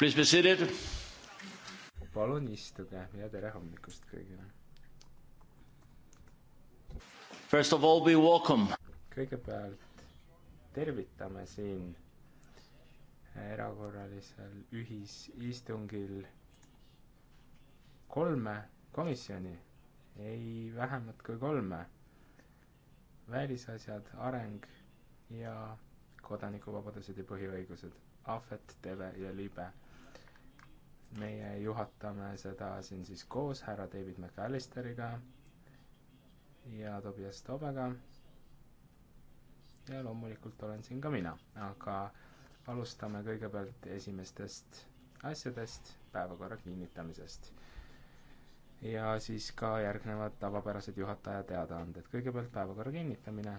Please be seated. palun istuge ja tere hommikust kõigile. First of all be welcome. kõigepealt tervitame siin erakorralisel ühisistungil kolme komisjoni, ei vähemat kui kolme. välisasjad, areng ja kodanikuvabadused ja põhiõigused, ahvet, teve ja libe meie juhatame seda siin siis koos härra David McAllisteriga ja Tobias Tobega. ja loomulikult olen siin ka mina, aga alustame kõigepealt esimestest asjadest, päevakorra kinnitamisest. ja siis ka järgnevad tavapärased juhataja teadaanded, kõigepealt päevakorra kinnitamine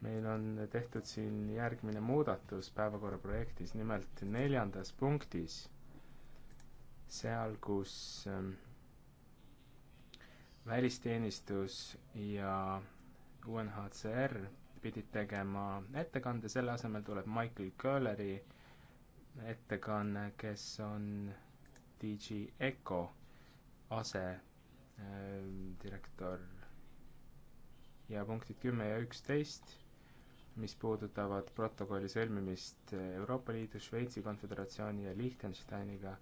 meil on tehtud siin järgmine muudatus päevakorra projektis, nimelt neljandas punktis, seal, kus ähm, välisteenistus ja UNHCR pidid tegema ettekande, selle asemel tuleb Michael Köhleri ettekanne, kes on DG Eco asedirektor ähm, ja punktid kümme ja üksteist mis puudutavad protokolli sõlmimist Euroopa Liidu, Šveitsi Konföderatsiooni ja Liechtensteiniga,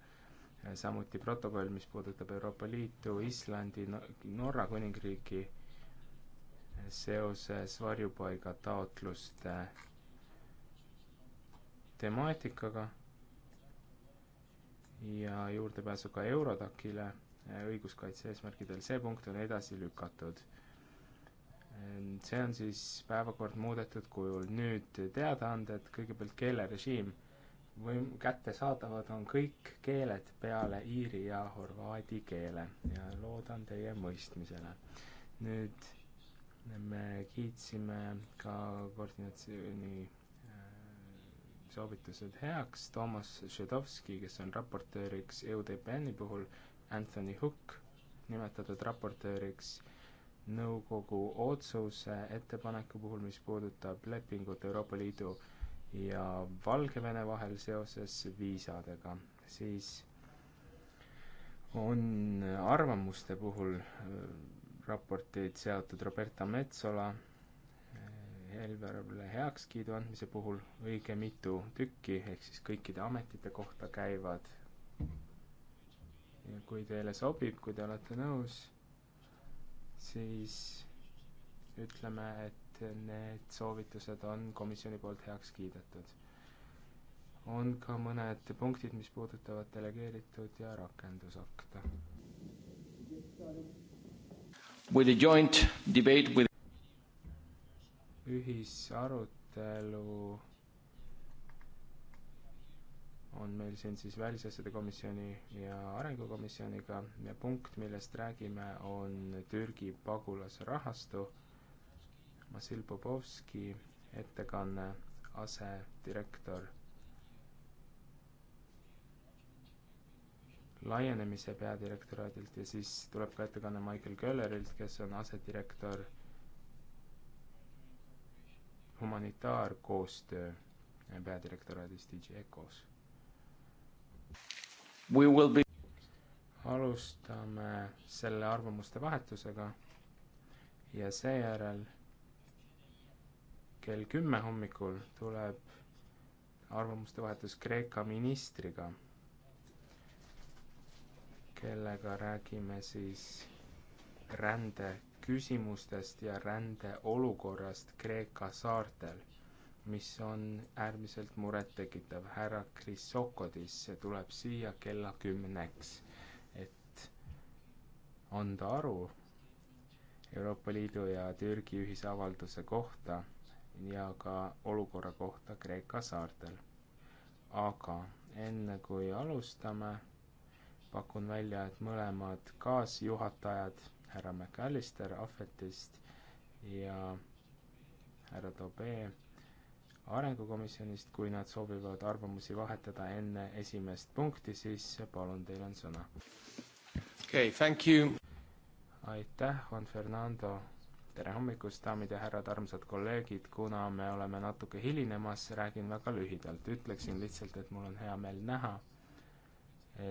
samuti protokoll, mis puudutab Euroopa Liitu, Islandi no, Norra Kuningriiki seoses varjupaigataotluste temaatikaga ja juurdepääsuga Eurodacile õiguskaitse eesmärkidel, see punkt on edasi lükatud Ehm, see on siis päevakord muudetud kujul. nüüd teadaanded, kõigepealt keelerežiim. või kättesaadavad on kõik keeled peale iiri ja horvaadi keele ja loodan teie mõistmisele. nüüd me kiitsime ka koordinatsiooni äh, soovitused heaks, Toomas Šedovski, kes on raportööriks EUDPN-i puhul, Anthony Hook nimetatud raportööriks nõukogu otsuse ettepaneku puhul, mis puudutab lepingut Euroopa Liidu ja Valgevene vahel seoses viisadega, siis on arvamuste puhul äh, raporteid seotud Roberta Metsola eelarvele äh, heakskiidu andmise puhul õige mitu tükki, ehk siis kõikide ametite kohta käivad. ja kui teile sobib, kui te olete nõus siis ütleme, et need soovitused on komisjoni poolt heaks kiidetud. on ka mõned punktid, mis puudutavad delegeeritud ja rakendusakte. With a joint debate with ühisarutelu on meil siin siis Välisasjade Komisjoni ja Arengukomisjoniga ja punkt, millest räägime, on Türgi pagulasrahastu. Vasil Popovski ettekanne, asedirektor. laienemise peadirektoraadilt ja siis tuleb ka ettekanne Michael Köllerilt, kes on asedirektor humanitaarkoostöö peadirektoraadis DJ ECOS Be... alustame selle arvamuste vahetusega ja seejärel kell kümme hommikul tuleb arvamuste vahetus Kreeka ministriga, kellega räägime siis rändeküsimustest ja rändeolukorrast Kreeka saartel mis on äärmiselt murettekitav. härra Chrysokodis tuleb siia kella kümneks, et anda aru Euroopa Liidu ja Türgi ühisavalduse kohta ja ka olukorra kohta Kreeka saartel. aga enne kui alustame, pakun välja, et mõlemad kaasjuhatajad, härra McAllister Ahvetist ja härra Tobee arengukomisjonist, kui nad soovivad arvamusi vahetada enne esimest punkti, siis palun, teil on sõna. okei okay,, thank you! aitäh, Juan Fernando! tere hommikust, daamid ja härrad, armsad kolleegid, kuna me oleme natuke hilinemas, räägin väga lühidalt, ütleksin lihtsalt, et mul on hea meel näha,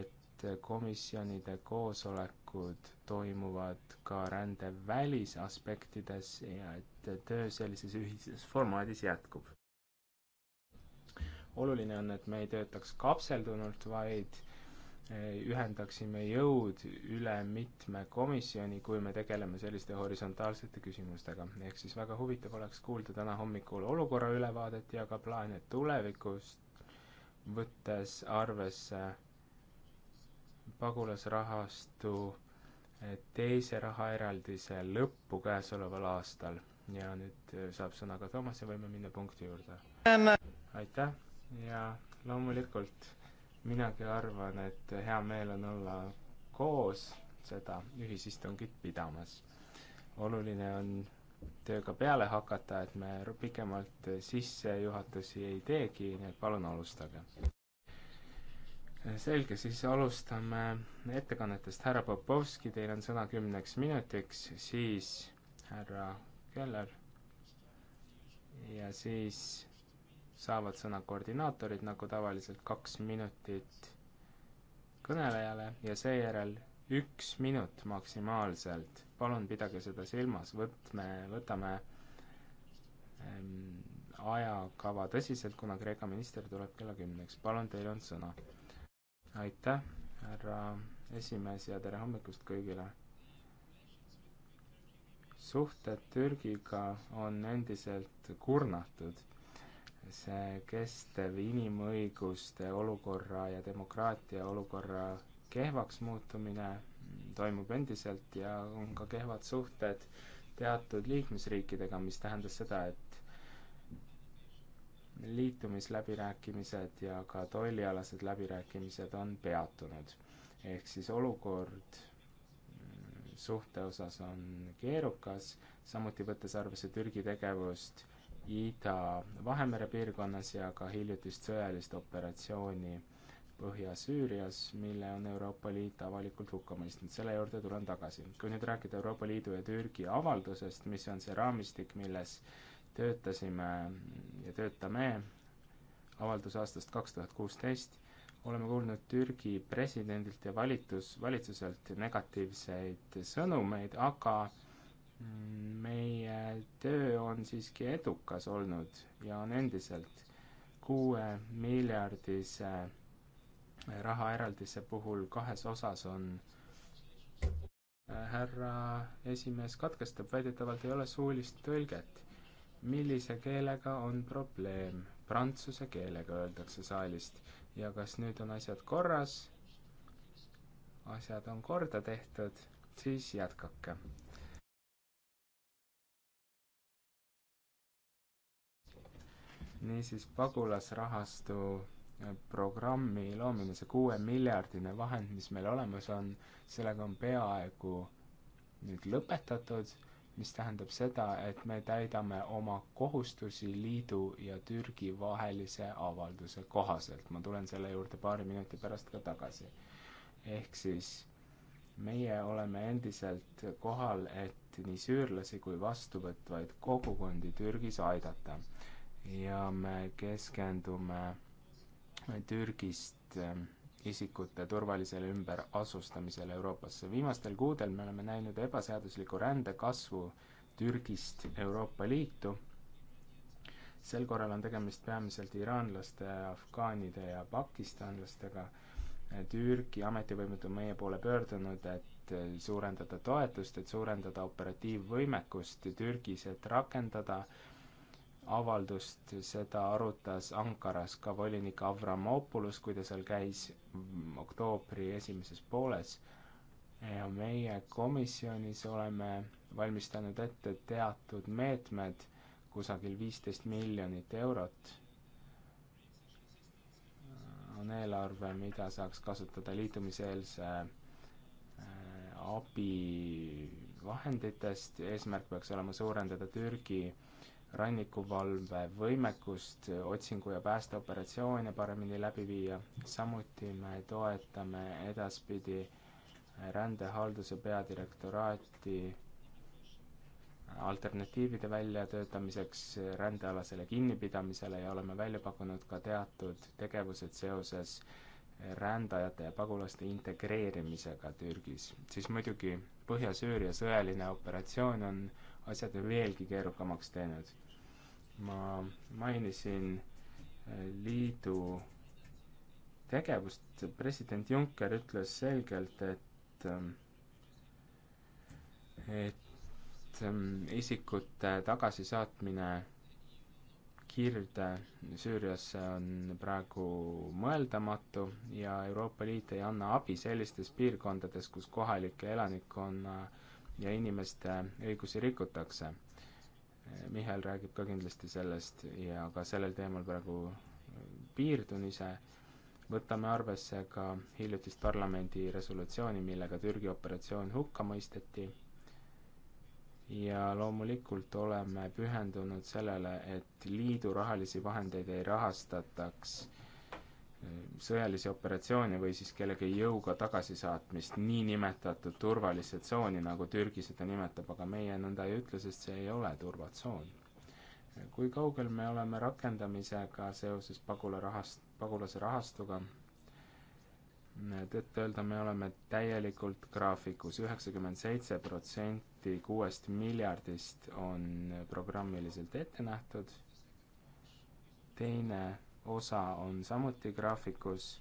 et komisjonide koosolekud toimuvad ka rände välisaspektides ja et töö sellises ühises formaadis jätkub oluline on, et me ei töötaks kapseldunult, vaid e, ühendaksime jõud üle mitme komisjoni, kui me tegeleme selliste horisontaalsete küsimustega. ehk siis väga huvitav oleks kuulda täna hommikul olukorra ülevaadet ja ka plaane tulevikust, võttes arvesse pagulasrahastu e, teise rahaeraldise lõppu käesoleval aastal ja nüüd e, saab sõna ka Toomas ja võime minna punkti juurde. aitäh! ja loomulikult minagi arvan, et hea meel on olla koos seda ühisistungit pidamas. oluline on tööga peale hakata, et me pikemalt sissejuhatusi ei teegi, nii et palun alustage. selge, siis alustame ettekannetest. härra Popovski, teil on sõna kümneks minutiks, siis härra Keller ja siis saavad sõna koordinaatorid, nagu tavaliselt kaks minutit kõnelejale ja seejärel üks minut maksimaalselt. palun pidage seda silmas, võtme, võtame ähm, ajakava tõsiselt, kuna Kreeka minister tuleb kella kümneks. palun, teil on sõna. aitäh, härra esimees ja tere hommikust kõigile! suhted Türgiga on endiselt kurnatud see kestev inimõiguste olukorra ja demokraatia olukorra kehvaks muutumine toimub endiselt ja on ka kehvad suhted teatud liikmesriikidega, mis tähendas seda, et liitumisläbirääkimised ja ka tollialased läbirääkimised on peatunud. ehk siis olukord mm, suhte osas on keerukas, samuti võttes arvesse Türgi tegevust Ida-Vahemere piirkonnas ja ka hiljutist sõjalist operatsiooni Põhja-Süürias, mille on Euroopa Liit avalikult hukka mõistnud. selle juurde tulen tagasi. kui nüüd rääkida Euroopa Liidu ja Türgi avaldusest, mis on see raamistik, milles töötasime ja töötame avalduse aastast kaks tuhat kuusteist, oleme kuulnud Türgi presidendilt ja valitus, valitsuselt negatiivseid sõnumeid, aga meie töö on siiski edukas olnud ja on endiselt kuue miljardise rahaeraldise puhul kahes osas on äh, härra esimees katkestab, väidetavalt ei ole suulist tõlget. millise keelega on probleem? prantsuse keelega, öeldakse saalist. ja kas nüüd on asjad korras? asjad on korda tehtud, siis jätkake niisiis pagulasrahastu eh, programmi loomimise kuue miljardine vahend, mis meil olemas on, sellega on peaaegu nüüd lõpetatud, mis tähendab seda, et me täidame oma kohustusi liidu ja Türgi vahelise avalduse kohaselt. ma tulen selle juurde paari minuti pärast ka tagasi. ehk siis meie oleme endiselt kohal, et nii süürlasi kui vastuvõtvaid kogukondi Türgis aidata ja me keskendume Türgist ähm, isikute turvalisele ümberasustamisele Euroopasse. viimastel kuudel me oleme näinud ebaseadusliku rände kasvu Türgist Euroopa Liitu. sel korral on tegemist peamiselt iraanlaste, afgaanide ja pakistanlastega. Türgi ametivõimed on meie poole pöördunud, et suurendada toetust, et suurendada operatiivvõimekust Türgis, et rakendada äh, avaldust, seda arutas Ankaras ka volinik Avramopoulos, kui ta seal käis oktoobri esimeses pooles. ja meie komisjonis oleme valmistanud ette teatud meetmed, kusagil viisteist miljonit eurot on eelarve, mida saaks kasutada liitumiseelse äh, abi vahenditest, eesmärk peaks olema suurendada Türgi äh, rannikuvalve võimekust otsingu- ja päästeoperatsioone paremini läbi viia, samuti me toetame edaspidi rändehalduse peadirektoraati alternatiivide väljatöötamiseks rändealasele kinnipidamisele ja oleme välja pakkunud ka teatud tegevused seoses rändajate ja pagulaste integreerimisega Türgis. siis muidugi Põhja-Süüria sõjaline operatsioon on asjade veelgi keerukamaks teinud ma mainisin äh, liidu tegevust, president Juncker ütles selgelt, et ähm, et ähm, isikute tagasisaatmine kirde Süüriasse on praegu mõeldamatu ja Euroopa Liit ei anna abi sellistes piirkondades, kus kohalike elanikkonna ja inimeste õigusi rikutakse Eh, Mihhail räägib ka kindlasti sellest ja ka sellel teemal praegu eh, piirdun ise, võtame arvesse ka hiljutist parlamendi resolutsiooni, millega Türgi operatsioon hukka mõisteti ja loomulikult oleme pühendunud sellele, et liidu rahalisi vahendeid ei rahastataks sõjalisi operatsioone või siis kellegi jõuga tagasisaatmist niinimetatud turvalisse tsooni, nagu Türgi seda nimetab, aga meie nõnda ei ütle, sest see ei ole turvatsoon. kui kaugel me oleme rakendamisega seoses pagula rahast, pagulase rahastuga? tõtt-öelda me oleme täielikult graafikus, üheksakümmend seitse protsenti kuuest miljardist on programmiliselt ette nähtud, teine osa on samuti graafikus,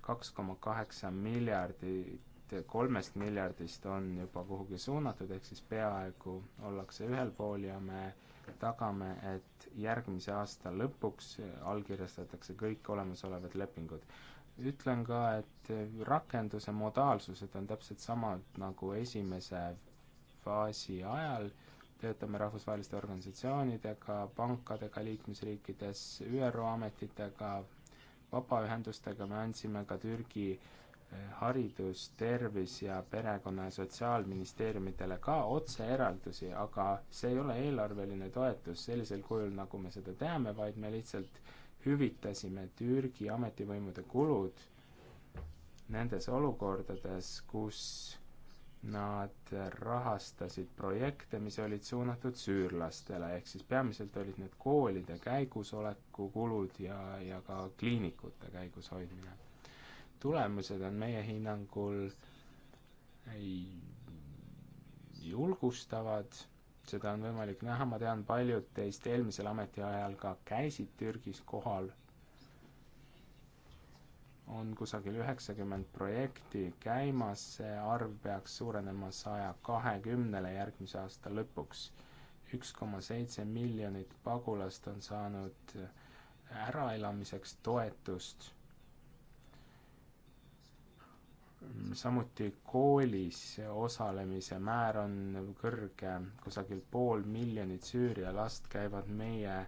kaks koma kaheksa miljardit, kolmest miljardist on juba kuhugi suunatud, ehk siis peaaegu ollakse ühel pool ja me tagame, et järgmise aasta lõpuks allkirjastatakse kõik olemasolevad lepingud. ütlen ka, et rakenduse modaalsused on täpselt samad nagu esimese faasi ajal töötame rahvusvaheliste organisatsioonidega, pankadega liikmesriikides, ÜRO ametitega, vabaühendustega, me andsime ka Türgi eh, haridus, tervis ja perekonna ja sotsiaalministeeriumitele ka otseeraldusi, aga see ei ole eelarveline toetus sellisel kujul, nagu me seda teame, vaid me lihtsalt hüvitasime Türgi ametivõimude kulud nendes olukordades, kus Nad rahastasid projekte, mis olid suunatud süürlastele, ehk siis peamiselt olid need koolide käigusoleku kulud ja, ja ka kliinikute käigus hoidmine. tulemused on meie hinnangul ei, julgustavad seda on võimalik näha, ma tean, paljud teist eelmisel ametiajal ka käisid Türgis kohal on kusagil üheksakümmend projekti käimas, see arv peaks suurenema saja kahekümnele järgmise aasta lõpuks. üks koma seitse miljonit pagulast on saanud äraelamiseks toetust, samuti koolis osalemise määr on kõrge, kusagil pool miljonit Süüria last käivad meie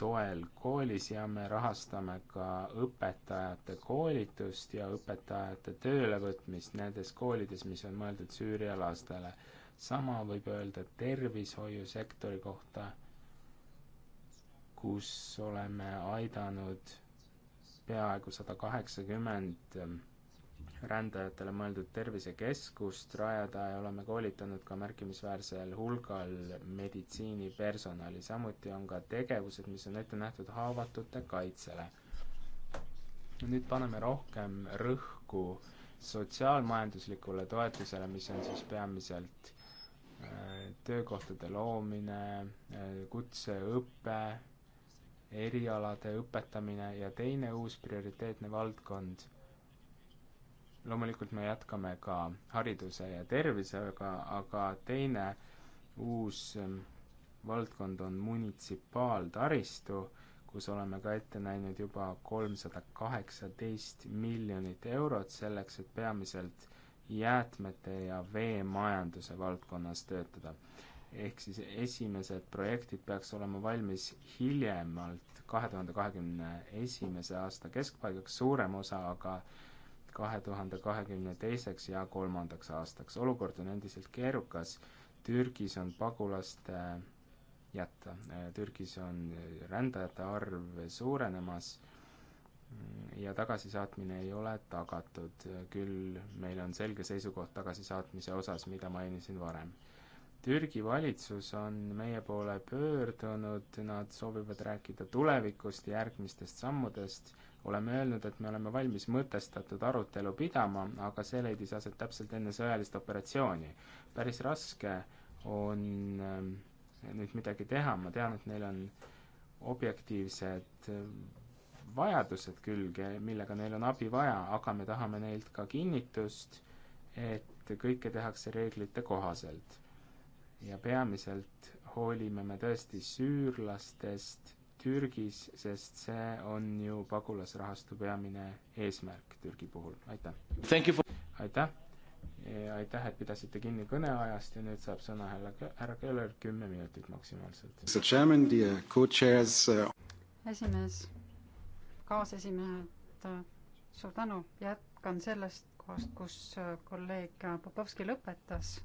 toel koolis ja me rahastame ka õpetajate koolitust ja õpetajate töölevõtmist nendes koolides, mis on mõeldud Süüria lastele. sama võib öelda tervishoiusektori kohta, kus oleme aidanud peaaegu sada kaheksakümmend rändajatele mõeldud tervisekeskust rajada ja oleme koolitanud ka märkimisväärsel hulgal meditsiinipersonali, samuti on ka tegevused, mis on ette nähtud haavatute kaitsele. nüüd paneme rohkem rõhku sotsiaalmajanduslikule toetusele, mis on siis peamiselt äh, töökohtade loomine, äh, kutseõpe, erialade õpetamine ja teine uus prioriteetne valdkond loomulikult me jätkame ka hariduse ja tervisega, aga teine uus ähm, valdkond on munitsipaaltaristu, kus oleme ka ette näinud juba kolmsada kaheksateist miljonit eurot selleks, et peamiselt jäätmete ja veemajanduse valdkonnas töötada. ehk siis esimesed projektid peaks olema valmis hiljemalt kahe tuhande kahekümne esimese aasta keskpaigaks, suurem osa aga äh, kahe tuhande kahekümne teiseks ja kolmandaks aastaks. olukord on endiselt keerukas, Türgis on pagulaste äh, jätta, äh, Türgis on äh, rändajate arv suurenemas mm, ja tagasisaatmine ei ole tagatud, küll meil on selge seisukoht tagasisaatmise osas, mida mainisin varem. Türgi valitsus on meie poole pöördunud, nad soovivad rääkida tulevikust, järgmistest sammudest oleme öelnud, et me oleme valmis mõtestatud arutelu pidama, aga see leidis aset täpselt enne sõjalist operatsiooni. päris raske on ähm, nüüd midagi teha, ma tean, et neil on objektiivsed ähm, vajadused külge, millega neil on abi vaja, aga me tahame neilt ka kinnitust, et kõike tehakse reeglite kohaselt. ja peamiselt hoolime me tõesti süürlastest Türgis, sest see on ju pagulasrahastu peamine eesmärk Türgi puhul, aitäh! For... aitäh! aitäh, et pidasite kinni kõneajast ja nüüd saab sõna härra Keller, kümme minutit maksimaalselt. Uh- esimees, kaasesimehed, suur tänu, jätkan sellest kohast, kus uh, kolleeg Popovski lõpetas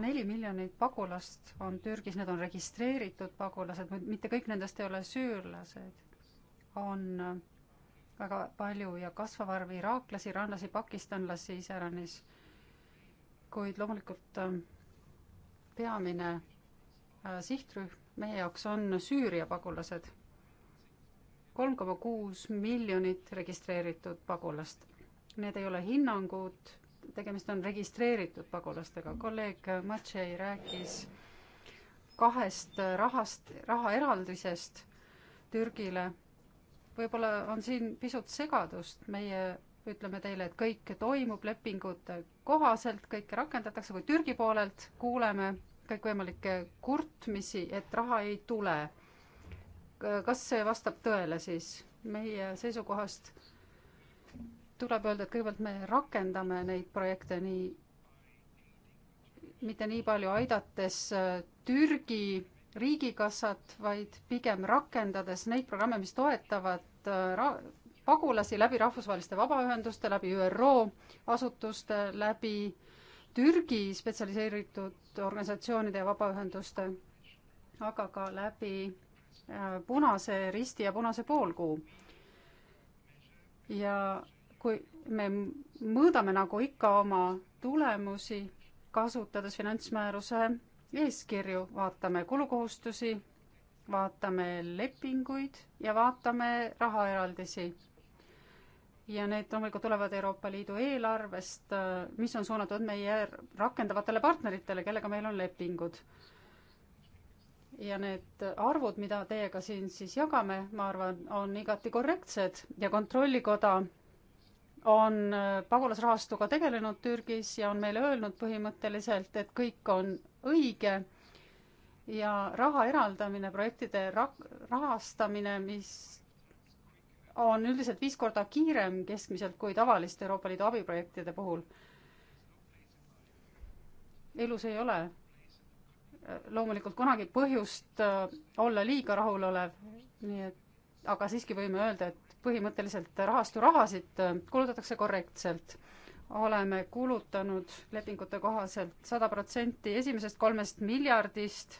neli miljonit pagulast on Türgis, need on registreeritud pagulased, mitte kõik nendest ei ole süürlased, on äh, väga palju ja kasvav arv iraaklasi, iranlasi, pakistanlasi iseäranis, kuid loomulikult äh, peamine äh, sihtrühm meie jaoks on Süüria pagulased. kolm koma kuus miljonit registreeritud pagulast. Need ei ole hinnangud, tegemist on registreeritud pagulastega. kolleeg Matšei rääkis kahest rahast, rahaeraldisest Türgile. võib-olla on siin pisut segadust, meie ütleme teile, et kõik toimub lepingute kohaselt, kõike rakendatakse, kui Türgi poolelt kuuleme kõikvõimalikke kurtmisi, et raha ei tule. kas see vastab tõele siis? meie seisukohast tuleb öelda, et kõigepealt me rakendame neid projekte nii, mitte nii palju aidates äh, Türgi riigikassat, vaid pigem rakendades neid programme, mis toetavad äh, ra-, pagulasi läbi rahvusvaheliste vabaühenduste, läbi ÜRO asutuste, läbi Türgi spetsialiseeritud organisatsioonide ja vabaühenduste, aga ka läbi äh, Punase Risti ja Punase Poolkuu. ja kui me mõõdame nagu ikka oma tulemusi, kasutades finantsmääruse eeskirju, vaatame kulukohustusi, vaatame lepinguid ja vaatame rahaeraldisi. ja need loomulikult tulevad Euroopa Liidu eelarvest, mis on suunatud meie rakendavatele partneritele, kellega meil on lepingud. ja need arvud, mida teiega siin siis jagame, ma arvan, on igati korrektsed ja Kontrollikoda on äh, pagulasrahastuga tegelenud Türgis ja on meile öelnud põhimõtteliselt, et kõik on õige ja raha eraldamine, projektide rak-, rahastamine, mis on üldiselt viis korda kiirem keskmiselt kui tavaliste Euroopa Liidu abiprojektide puhul. elus ei ole äh, loomulikult kunagi põhjust äh, olla liiga rahulolev, nii et aga siiski võime öelda, et põhimõtteliselt rahastu rahasid äh, kulutatakse korrektselt. oleme kulutanud lepingute kohaselt sada protsenti esimesest kolmest miljardist,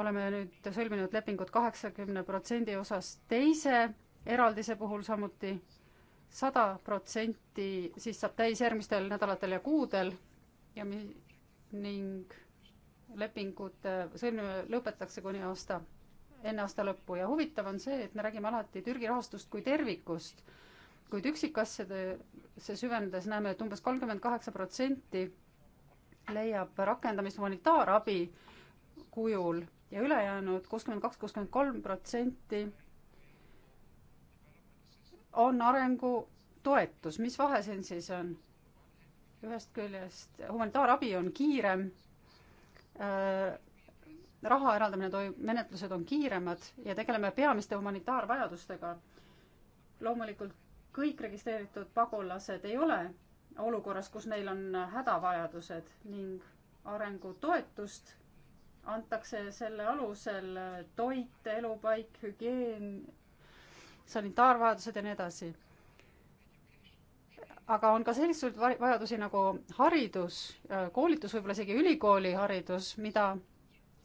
oleme nüüd sõlminud lepingud kaheksakümne protsendi osas teise eraldise puhul samuti sada protsenti, siis saab täis järgmistel nädalatel ja kuudel ja mi-, ning lepingud sõlmime, lõpetatakse kuni aasta enne aasta lõppu ja huvitav on see, et me räägime alati Türgi rahastust kui tervikust, kuid üksikasjadesse süvenedes näeme, et umbes kolmkümmend kaheksa protsenti leiab rakendamist humanitaarabi kujul ja ülejäänud kuuskümmend kaks, kuuskümmend kolm protsenti on arengutoetus, mis vahe siin siis on? ühest küljest humanitaarabi on kiirem, äh, raha eraldamine toimub, menetlused on kiiremad ja tegeleme peamiste humanitaarvajadustega. loomulikult kõik registreeritud pagulased ei ole olukorras, kus neil on hädavajadused ning arengutoetust antakse selle alusel toit, elupaik, hügieen, sanitaarvajadused ja nii edasi. aga on ka selliseid vajadusi nagu haridus, koolitus, võib-olla isegi ülikooliharidus, mida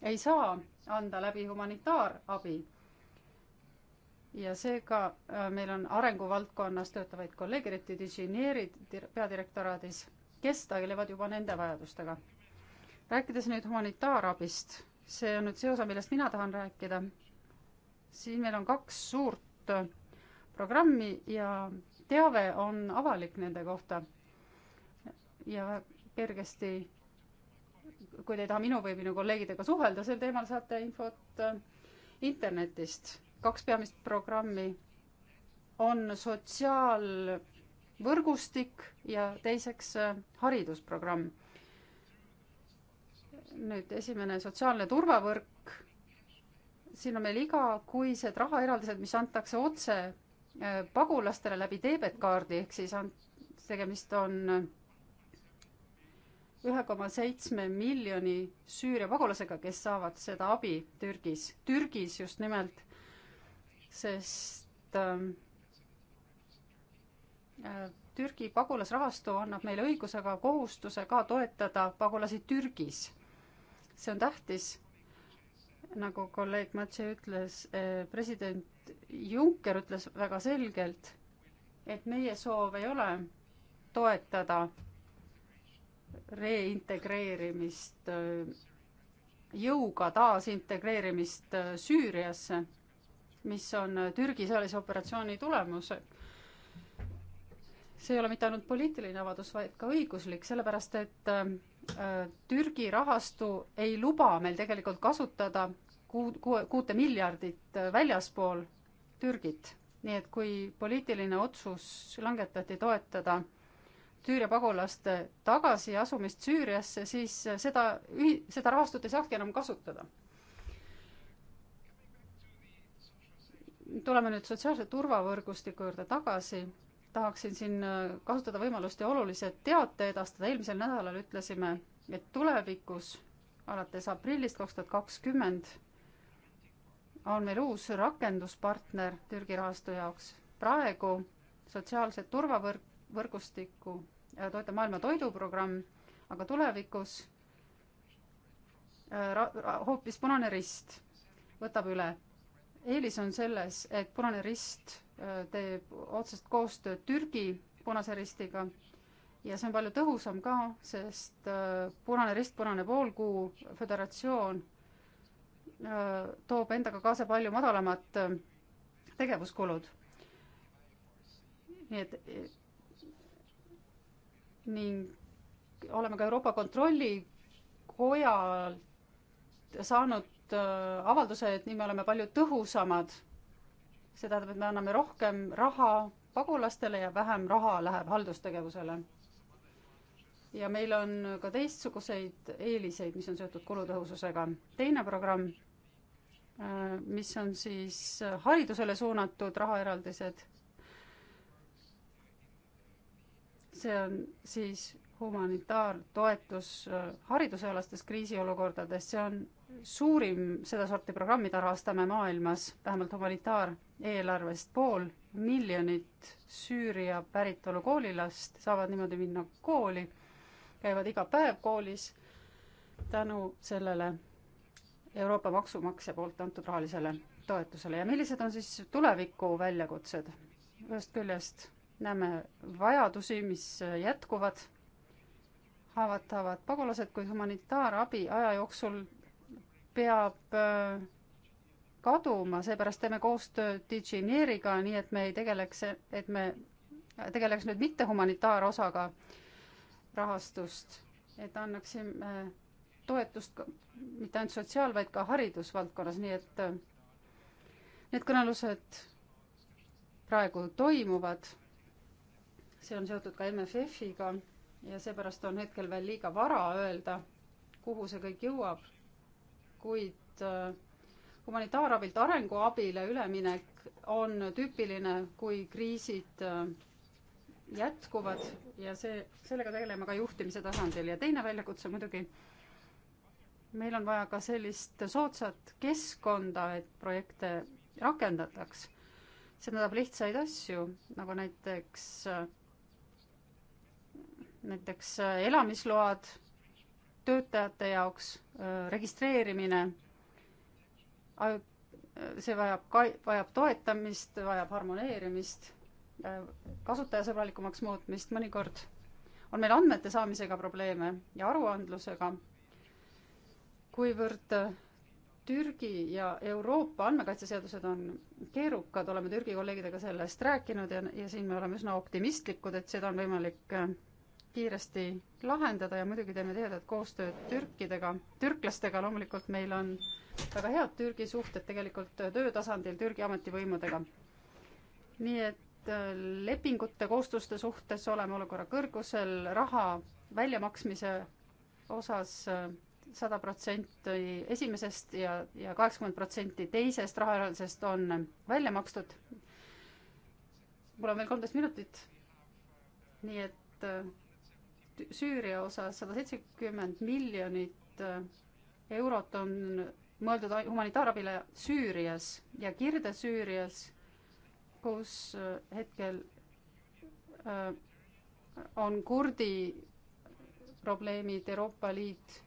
ei saa anda läbi humanitaarabi. ja seega äh, meil on arenguvaldkonnas töötavaid kolleege, eriti dižineerid peadirektoraadis, kes tegelevad juba nende vajadustega. rääkides nüüd humanitaarabist, see on nüüd see osa, millest mina tahan rääkida, siis meil on kaks suurt äh, programmi ja teave on avalik nende kohta ja kergesti kui te ei taha minu või minu kolleegidega suhelda sel teemal, saate infot äh, internetist. kaks peamist programmi on sotsiaalvõrgustik ja teiseks äh, haridusprogramm. nüüd esimene sotsiaalne turvavõrk. siin on meil igakuised rahaeraldised, mis antakse otse äh, pagulastele läbi teebetkaardi ehk siis on tegemist on ühe koma seitsme miljoni Süüria pagulasega, kes saavad seda abi Türgis, Türgis just nimelt, sest ähm, äh, Türgi pagulasrahastu annab meile õiguse, aga kohustuse ka toetada pagulasi Türgis. see on tähtis, nagu kolleeg Matse ütles äh,, president Juncker ütles väga selgelt, et meie soov ei ole toetada reintegreerimist, jõuga taasintegreerimist Süüriasse, mis on Türgi sõjalise operatsiooni tulemus. see ei ole mitte ainult poliitiline avaldus, vaid ka õiguslik, sellepärast et äh, Türgi rahastu ei luba meil tegelikult kasutada kuud, kuute miljardit äh, väljaspool Türgit. nii et kui poliitiline otsus langetati toetada Süüria pagulaste tagasiasumist Süüriasse, siis seda ühi-, seda rahastut ei saakski enam kasutada. tuleme nüüd sotsiaalse turvavõrgustiku juurde tagasi, tahaksin siin äh, kasutada võimalust ja olulise teate edastada, eelmisel nädalal ütlesime, et tulevikus alates aprillist kaks tuhat kakskümmend on meil uus rakenduspartner Türgi rahastu jaoks. praegu sotsiaalse turvavõrk, võrgustiku Äh, toetab Maailma Toiduprogramm, aga tulevikus äh, ra-, ra-, hoopis Punane Rist võtab üle. eelis on selles, et Punane Rist äh, teeb otsest koostööd Türgi Punase Ristiga ja see on palju tõhusam ka, sest Punane Rist, Punane Poolkuu Föderatsioon toob endaga kaasa palju madalamad tegevuskulud. nii et ning oleme ka Euroopa Kontrollikojalt saanud äh, avalduse, et nii me oleme palju tõhusamad. see tähendab, et me anname rohkem raha pagulastele ja vähem raha läheb haldustegevusele. ja meil on ka teistsuguseid eeliseid, mis on seotud kulutõhususega. teine programm, äh, mis on siis äh, haridusele suunatud rahaeraldised see on siis humanitaartoetus äh, haridusealastes kriisiolukordades, see on suurim sedasorti programmide rahastame maailmas, vähemalt humanitaareelarvest pool miljonit Süüria päritolu koolilast saavad niimoodi minna kooli, käivad iga päev koolis tänu sellele Euroopa maksumaksja poolt antud rahalisele toetusele ja millised on siis tuleviku väljakutsed? ühest küljest näeme vajadusi, mis jätkuvad, haavatavad pagulased kui humanitaarabi aja jooksul peab äh, kaduma, seepärast teeme koostööd Digineeriga, nii et me ei tegeleks, et me tegeleks nüüd mitte humanitaarosaga rahastust, et annaksime äh, toetust mitte ainult sotsiaal, vaid ka haridusvaldkonnas, nii et äh, need kõnelused praegu toimuvad see on seotud ka MFF-iga ja seepärast on hetkel veel liiga vara öelda, kuhu see kõik jõuab, kuid äh, humanitaarabilt arenguabile üleminek on tüüpiline, kui kriisid äh, jätkuvad ja see, sellega tegeleme ka juhtimise tasandil ja teine väljakutse muidugi, meil on vaja ka sellist soodsat keskkonda, et projekte rakendataks. see tähendab lihtsaid asju, nagu näiteks äh, näiteks äh, elamisload töötajate jaoks, äh, registreerimine, äh, see vajab ka, vajab toetamist, vajab harmoneerimist, kasutajasõbralikumaks muutmist, mõnikord on meil andmete saamisega probleeme ja aruandlusega, kuivõrd Türgi ja Euroopa andmekaitseseadused on keerukad, oleme Türgi kolleegidega sellest rääkinud ja, ja siin me oleme üsna optimistlikud, et seda on võimalik kiiresti lahendada ja muidugi teeme tihedat koostööd türkidega, türklastega, loomulikult meil on väga head Türgi suhted tegelikult töötasandil Türgi ametivõimudega. nii et äh, lepingute, kohustuste suhtes oleme olukorra kõrgusel, raha väljamaksmise osas äh, sada protsenti esimesest ja, ja kaheksakümmend protsenti teisest rahaeraldisest on välja makstud. mul on veel kolmteist minutit. nii et äh, Süüria osas sada seitsekümmend miljonit äh, eurot on mõeldud humanitaarabile Süürias ja Kirde-Süürias, kus äh, hetkel äh, on kurdi probleemid, Euroopa Liit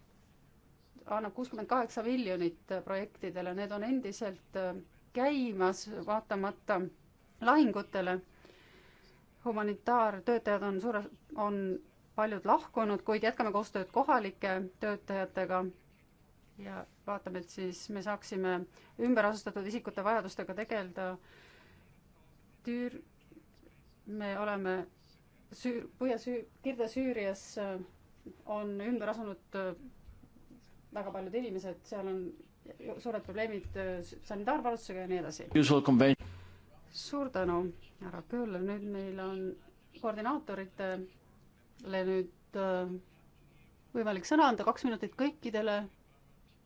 annab kuuskümmend kaheksa miljonit projektidele, need on endiselt käimas, vaatamata lahingutele. humanitaartöötajad on suure, on paljud lahkunud, kuid jätkame koostööd kohalike töötajatega ja vaatame, et siis me saaksime ümberasustatud isikute vajadustega tegeleda. Tüür-, me oleme Süür-, Põhja-Süür-, Kirde-Süürias äh, on ümber asunud äh, väga paljud inimesed, seal on suured probleemid äh, sanitaarvarustusega ja nii edasi. suur tänu, härra Kööler, nüüd meil on koordinaatorite nüüd äh, võimalik sõna anda, kaks minutit kõikidele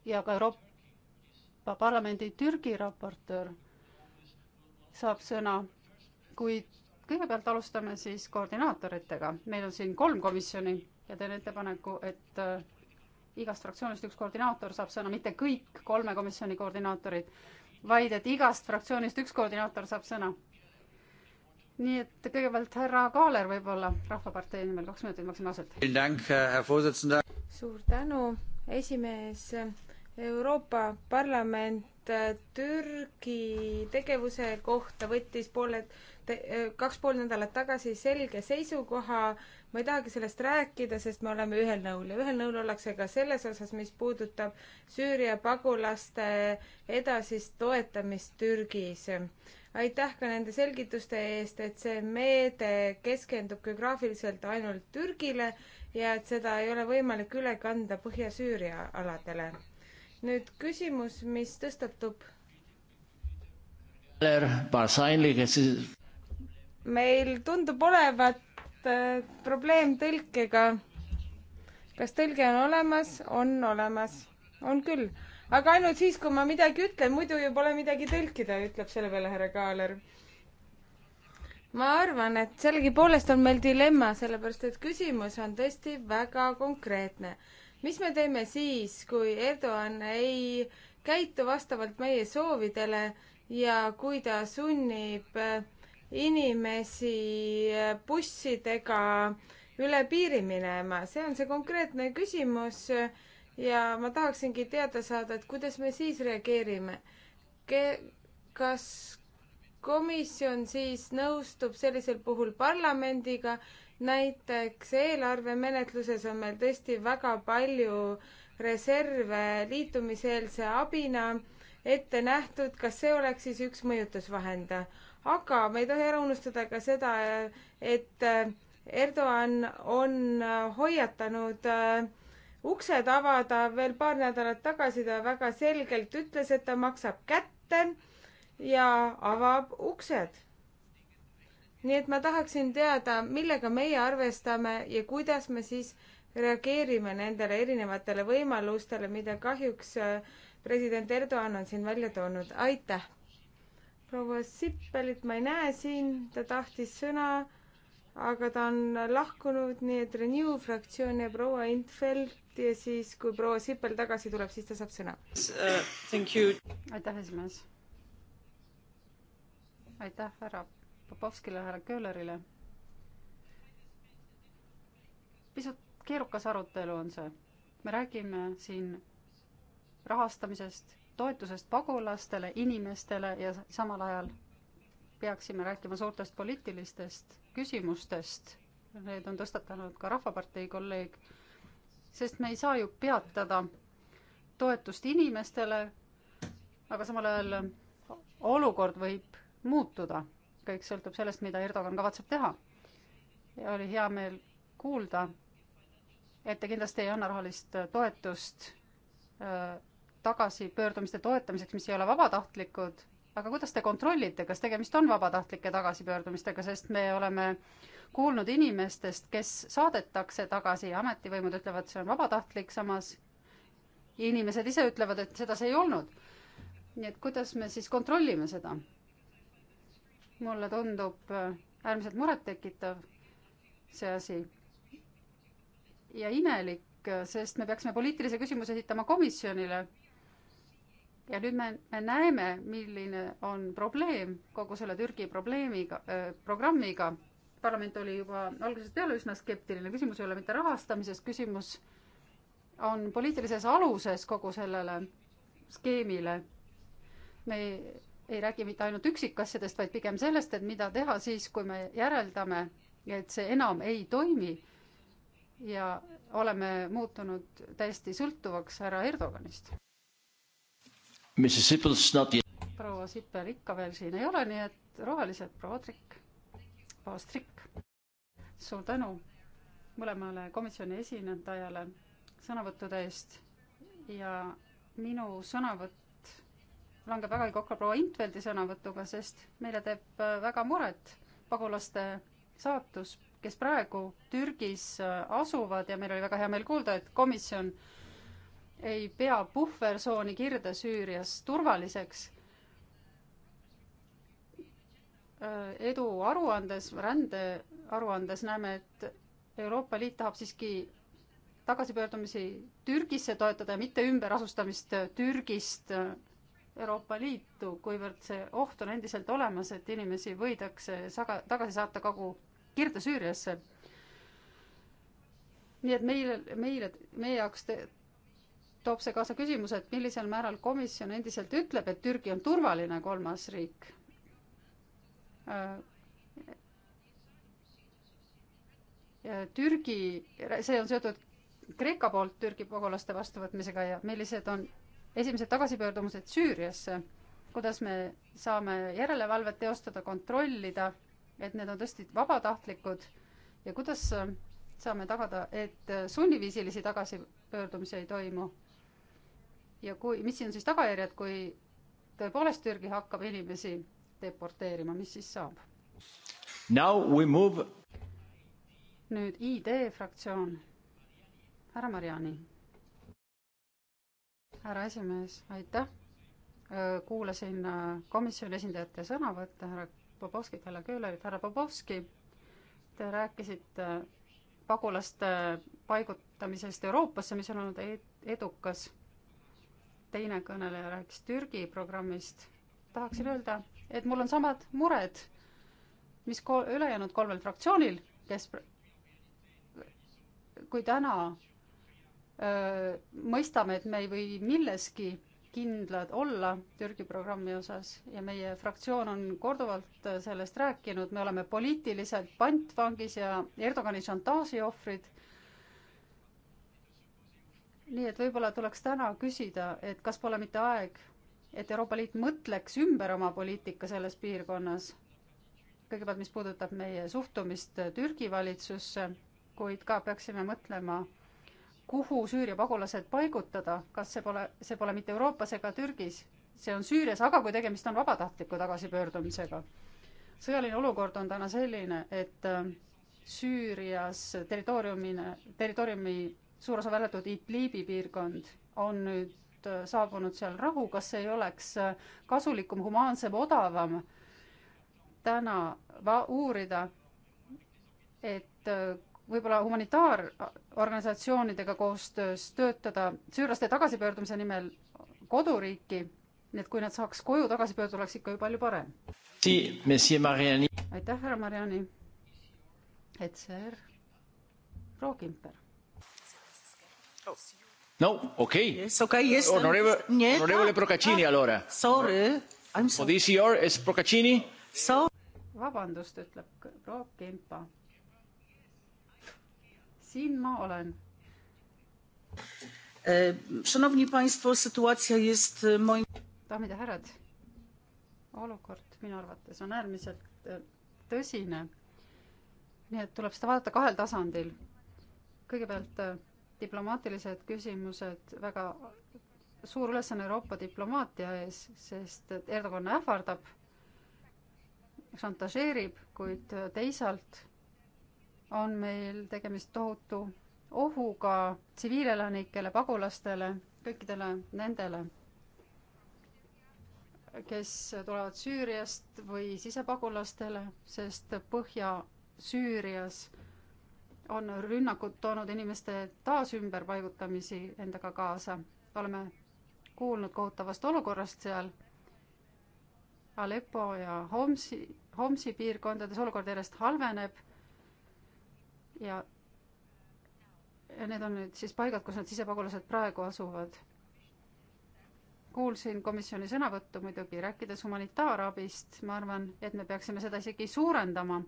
ja ka Euroopa Parlamendi Türgi raportöör saab sõna, kuid kõigepealt alustame siis koordinaatoritega. meil on siin kolm komisjoni ja teen ettepaneku, et äh, igast fraktsioonist üks koordinaator saab sõna, mitte kõik kolme komisjoni koordinaatorid, vaid et igast fraktsioonist üks koordinaator saab sõna nii et kõigepealt härra Kaaler võib-olla Rahvapartei nimel kaks minutit maksimaalselt. suur tänu, esimees. Euroopa Parlament äh, Türgi tegevuse kohta võttis pooled, äh, kaks pool nädalat tagasi selge seisukoha. ma ei tahagi sellest rääkida, sest me oleme ühel nõul ja ühel nõul ollakse ka selles osas, mis puudutab Süüria pagulaste edasist toetamist Türgis aitäh ka nende selgituste eest, et see meede keskendub geograafiliselt ainult Türgile ja et seda ei ole võimalik üle kanda Põhja-Süüria aladele. nüüd küsimus, mis tõstatub? meil tundub olevat äh, probleem tõlkega. kas tõlge on olemas? on olemas, on küll aga ainult siis, kui ma midagi ütlen, muidu ju pole midagi tõlkida, ütleb selle peale härra Kaaler. ma arvan, et sellegipoolest on meil dilemma, sellepärast et küsimus on tõesti väga konkreetne. mis me teeme siis, kui Erdoğan ei käitu vastavalt meie soovidele ja kui ta sunnib äh, inimesi äh, bussidega üle piiri minema, see on see konkreetne küsimus äh, ja ma tahaksingi teada saada, et kuidas me siis reageerime Ke,. kas komisjon siis nõustub sellisel puhul parlamendiga, näiteks eelarvemenetluses on meil tõesti väga palju reserve liitumiseelse abina ette nähtud, kas see oleks siis üks mõjutusvahend? aga me ei tohi ära unustada ka seda, et Erdoğan on hoiatanud äh, uksed avada. veel paar nädalat tagasi ta väga selgelt ütles, et ta maksab kätte ja avab uksed. nii et ma tahaksin teada, millega meie arvestame ja kuidas me siis reageerime nendele erinevatele võimalustele, mida kahjuks äh, president Erdoğan on siin välja toonud. aitäh! proua Sippelit ma ei näe siin, ta tahtis sõna aga ta on lahkunud, nii et Renew fraktsioon ja proua Intfeld ja siis, kui proua Sippel tagasi tuleb, siis ta saab sõna uh,. aitäh, esimees. aitäh härra Popovskile, härra Köhlerile. pisut keerukas arutelu on see. me räägime siin rahastamisest, toetusest pagulastele, inimestele ja samal ajal peaksime rääkima suurtest poliitilistest küsimustest, need on tõstatanud ka Rahvapartei kolleeg, sest me ei saa ju peatada toetust inimestele, aga samal ajal olukord võib muutuda. kõik sõltub sellest, mida Erdogan kavatseb teha. ja oli hea meel kuulda, et te kindlasti ei anna rahalist toetust äh, tagasipöördumiste toetamiseks, mis ei ole vabatahtlikud aga kuidas te kontrollite, kas tegemist on vabatahtlike tagasipöördumistega, sest me oleme kuulnud inimestest, kes saadetakse tagasi ja ametivõimud ütlevad, see on vabatahtlik, samas inimesed ise ütlevad, et seda see ei olnud. nii et kuidas me siis kontrollime seda? mulle tundub äh, äärmiselt murettekitav see asi ja imelik, äh, sest me peaksime poliitilise küsimuse esitama komisjonile ja nüüd me, me näeme, milline on probleem kogu selle Türgi probleemiga äh,, programmiga. parlament oli juba algusest peale üsna skeptiline, küsimus ei ole mitte rahastamises, küsimus on poliitilises aluses kogu sellele skeemile. me ei, ei räägi mitte ainult üksikasjadest, vaid pigem sellest, et mida teha siis, kui me järeldame, et see enam ei toimi ja oleme muutunud täiesti sõltuvaks härra Erdoganist proua Sipper ikka veel siin ei ole, nii et rohelised proua Trikk, proua Strikk, suur tänu mõlemale komisjoni esindajale sõnavõttude eest ja minu sõnavõtt langeb vägagi kokku proua Intveldi sõnavõtuga, sest meile teeb äh, väga muret pagulaste saatus, kes praegu Türgis äh, asuvad ja meil oli väga hea meel kuulda, et komisjon äh, ei pea puhvertsooni Kirde-Süürias turvaliseks. Äh, edu aruandes, rände aruandes näeme, et Euroopa Liit tahab siiski tagasipöördumisi Türgisse toetada ja mitte ümberasustamist Türgist äh, Euroopa Liitu, kuivõrd see oht on endiselt olemas, et inimesi võidakse saga, tagasi saata kogu Kirde-Süüriasse. nii et meile, meile, meie jaoks te, toob see kaasa küsimuse, et millisel määral komisjon endiselt ütleb, et Türgi on turvaline kolmas riik. Äh, Türgi, see on seotud Kreeka poolt Türgi pagulaste vastuvõtmisega ja millised on esimesed tagasipöördumused Süüriasse, kuidas me saame järelevalvet teostada, kontrollida, et need on tõesti vabatahtlikud ja kuidas äh, saame tagada, et äh, sunniviisilisi tagasipöördumisi ei toimu ja kui, mis siin on siis tagajärjed, kui tõepoolest Türgi hakkab inimesi deporteerima, mis siis saab? nüüd ID fraktsioon. härra Mariani. härra esimees, aitäh. Äh, kuulasin äh, komisjoni esindajate sõnavõtte, härra Bobovskit, härra Köhlerit, härra Bobovski. Te rääkisite äh, pagulaste paigutamisest Euroopasse, mis on olnud e-, edukas teine kõneleja rääkis Türgi programmist, tahaksin öelda, et mul on samad mured, mis ko-, ülejäänud kolmel fraktsioonil, kes kui täna öö, mõistame, et me ei või milleski kindlad olla Türgi programmi osas ja meie fraktsioon on korduvalt sellest rääkinud, me oleme poliitiliselt pantvangis ja Erdogani šantaaži ohvrid nii et võib-olla tuleks täna küsida, et kas pole mitte aeg, et Euroopa Liit mõtleks ümber oma poliitika selles piirkonnas. kõigepealt, mis puudutab meie suhtumist Türgi valitsusse, kuid ka peaksime mõtlema, kuhu Süüria pagulased paigutada, kas see pole, see pole mitte Euroopas ega Türgis, see on Süürias, aga kui tegemist on vabatahtliku tagasipöördumisega. sõjaline olukord on täna selline, et äh, Süürias territooriumine, territooriumi suur osa välja arvatud Idlibi piirkond on nüüd äh, saabunud seal rahu, kas ei oleks äh, kasulikum, humaansem, odavam täna va-, uurida, et äh, võib-olla humanitaarorganisatsioonidega koostöös töötada süürlaste tagasipöördumise nimel koduriiki, nii et kui nad saaks koju tagasi pöörduda, oleks ikka ju palju parem. aitäh, härra Mariani. et see proua Kimper. No, okay. Yes, okay, yes. Onorevole, nie, onorevole Procaccini ah, allora. Sorry, I am sorry. ODCR is Procaccini. So. vabandust, ütleb proua Kempa. siin ma olen. E, szanowni Państwo, sytuacja jest e, moim... Daamid ja härrad, olukord minu arvates on äärmiselt e, tõsine. nii et tuleb seda vaadata kahel tasandil. kõigepealt diplomaatilised küsimused väga suur ülesanne Euroopa diplomaatia ees, sest et Erdogan ähvardab, šantažeerib, kuid teisalt on meil tegemist tohutu ohuga tsiviilelanikele, pagulastele, kõikidele nendele, kes tulevad Süüriast või sisepagulastele, sest Põhja-Süürias on rünnakud toonud inimeste taas ümberpaigutamisi endaga kaasa. oleme kuulnud kohutavast olukorrast seal Aleppo ja Homsi, Homsi piirkondades olukord järjest halveneb ja ja need on nüüd siis paigad, kus need sisepagulased praegu asuvad. kuulsin komisjoni sõnavõttu muidugi, rääkides humanitaarabist, ma arvan, et me peaksime seda isegi suurendama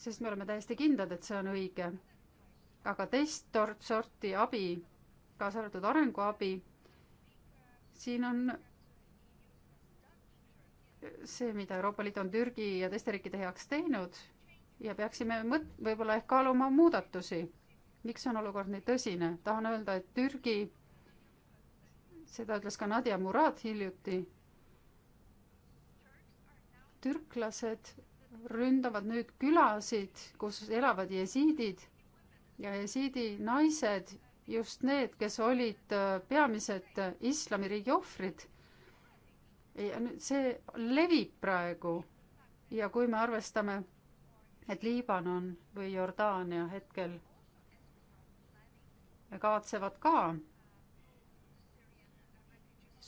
sest me oleme täiesti kindlad, et see on õige. aga teist sorti abi, kaasa arvatud arenguabi, siin on see, mida Euroopa Liit on Türgi ja teiste riikide heaks teinud ja peaksime mõt-, võib-olla ehk kaaluma muudatusi. miks on olukord nii tõsine? tahan öelda, et Türgi, seda ütles ka Nadia Murad hiljuti, türklased ründavad nüüd külasid, kus elavad jesiidid ja jesiidi naised, just need, kes olid äh, peamised äh, islamiriigi ohvrid. ja nüüd see levib praegu ja kui me arvestame, et Liibanon või Jordaania hetkel kavatsevad ka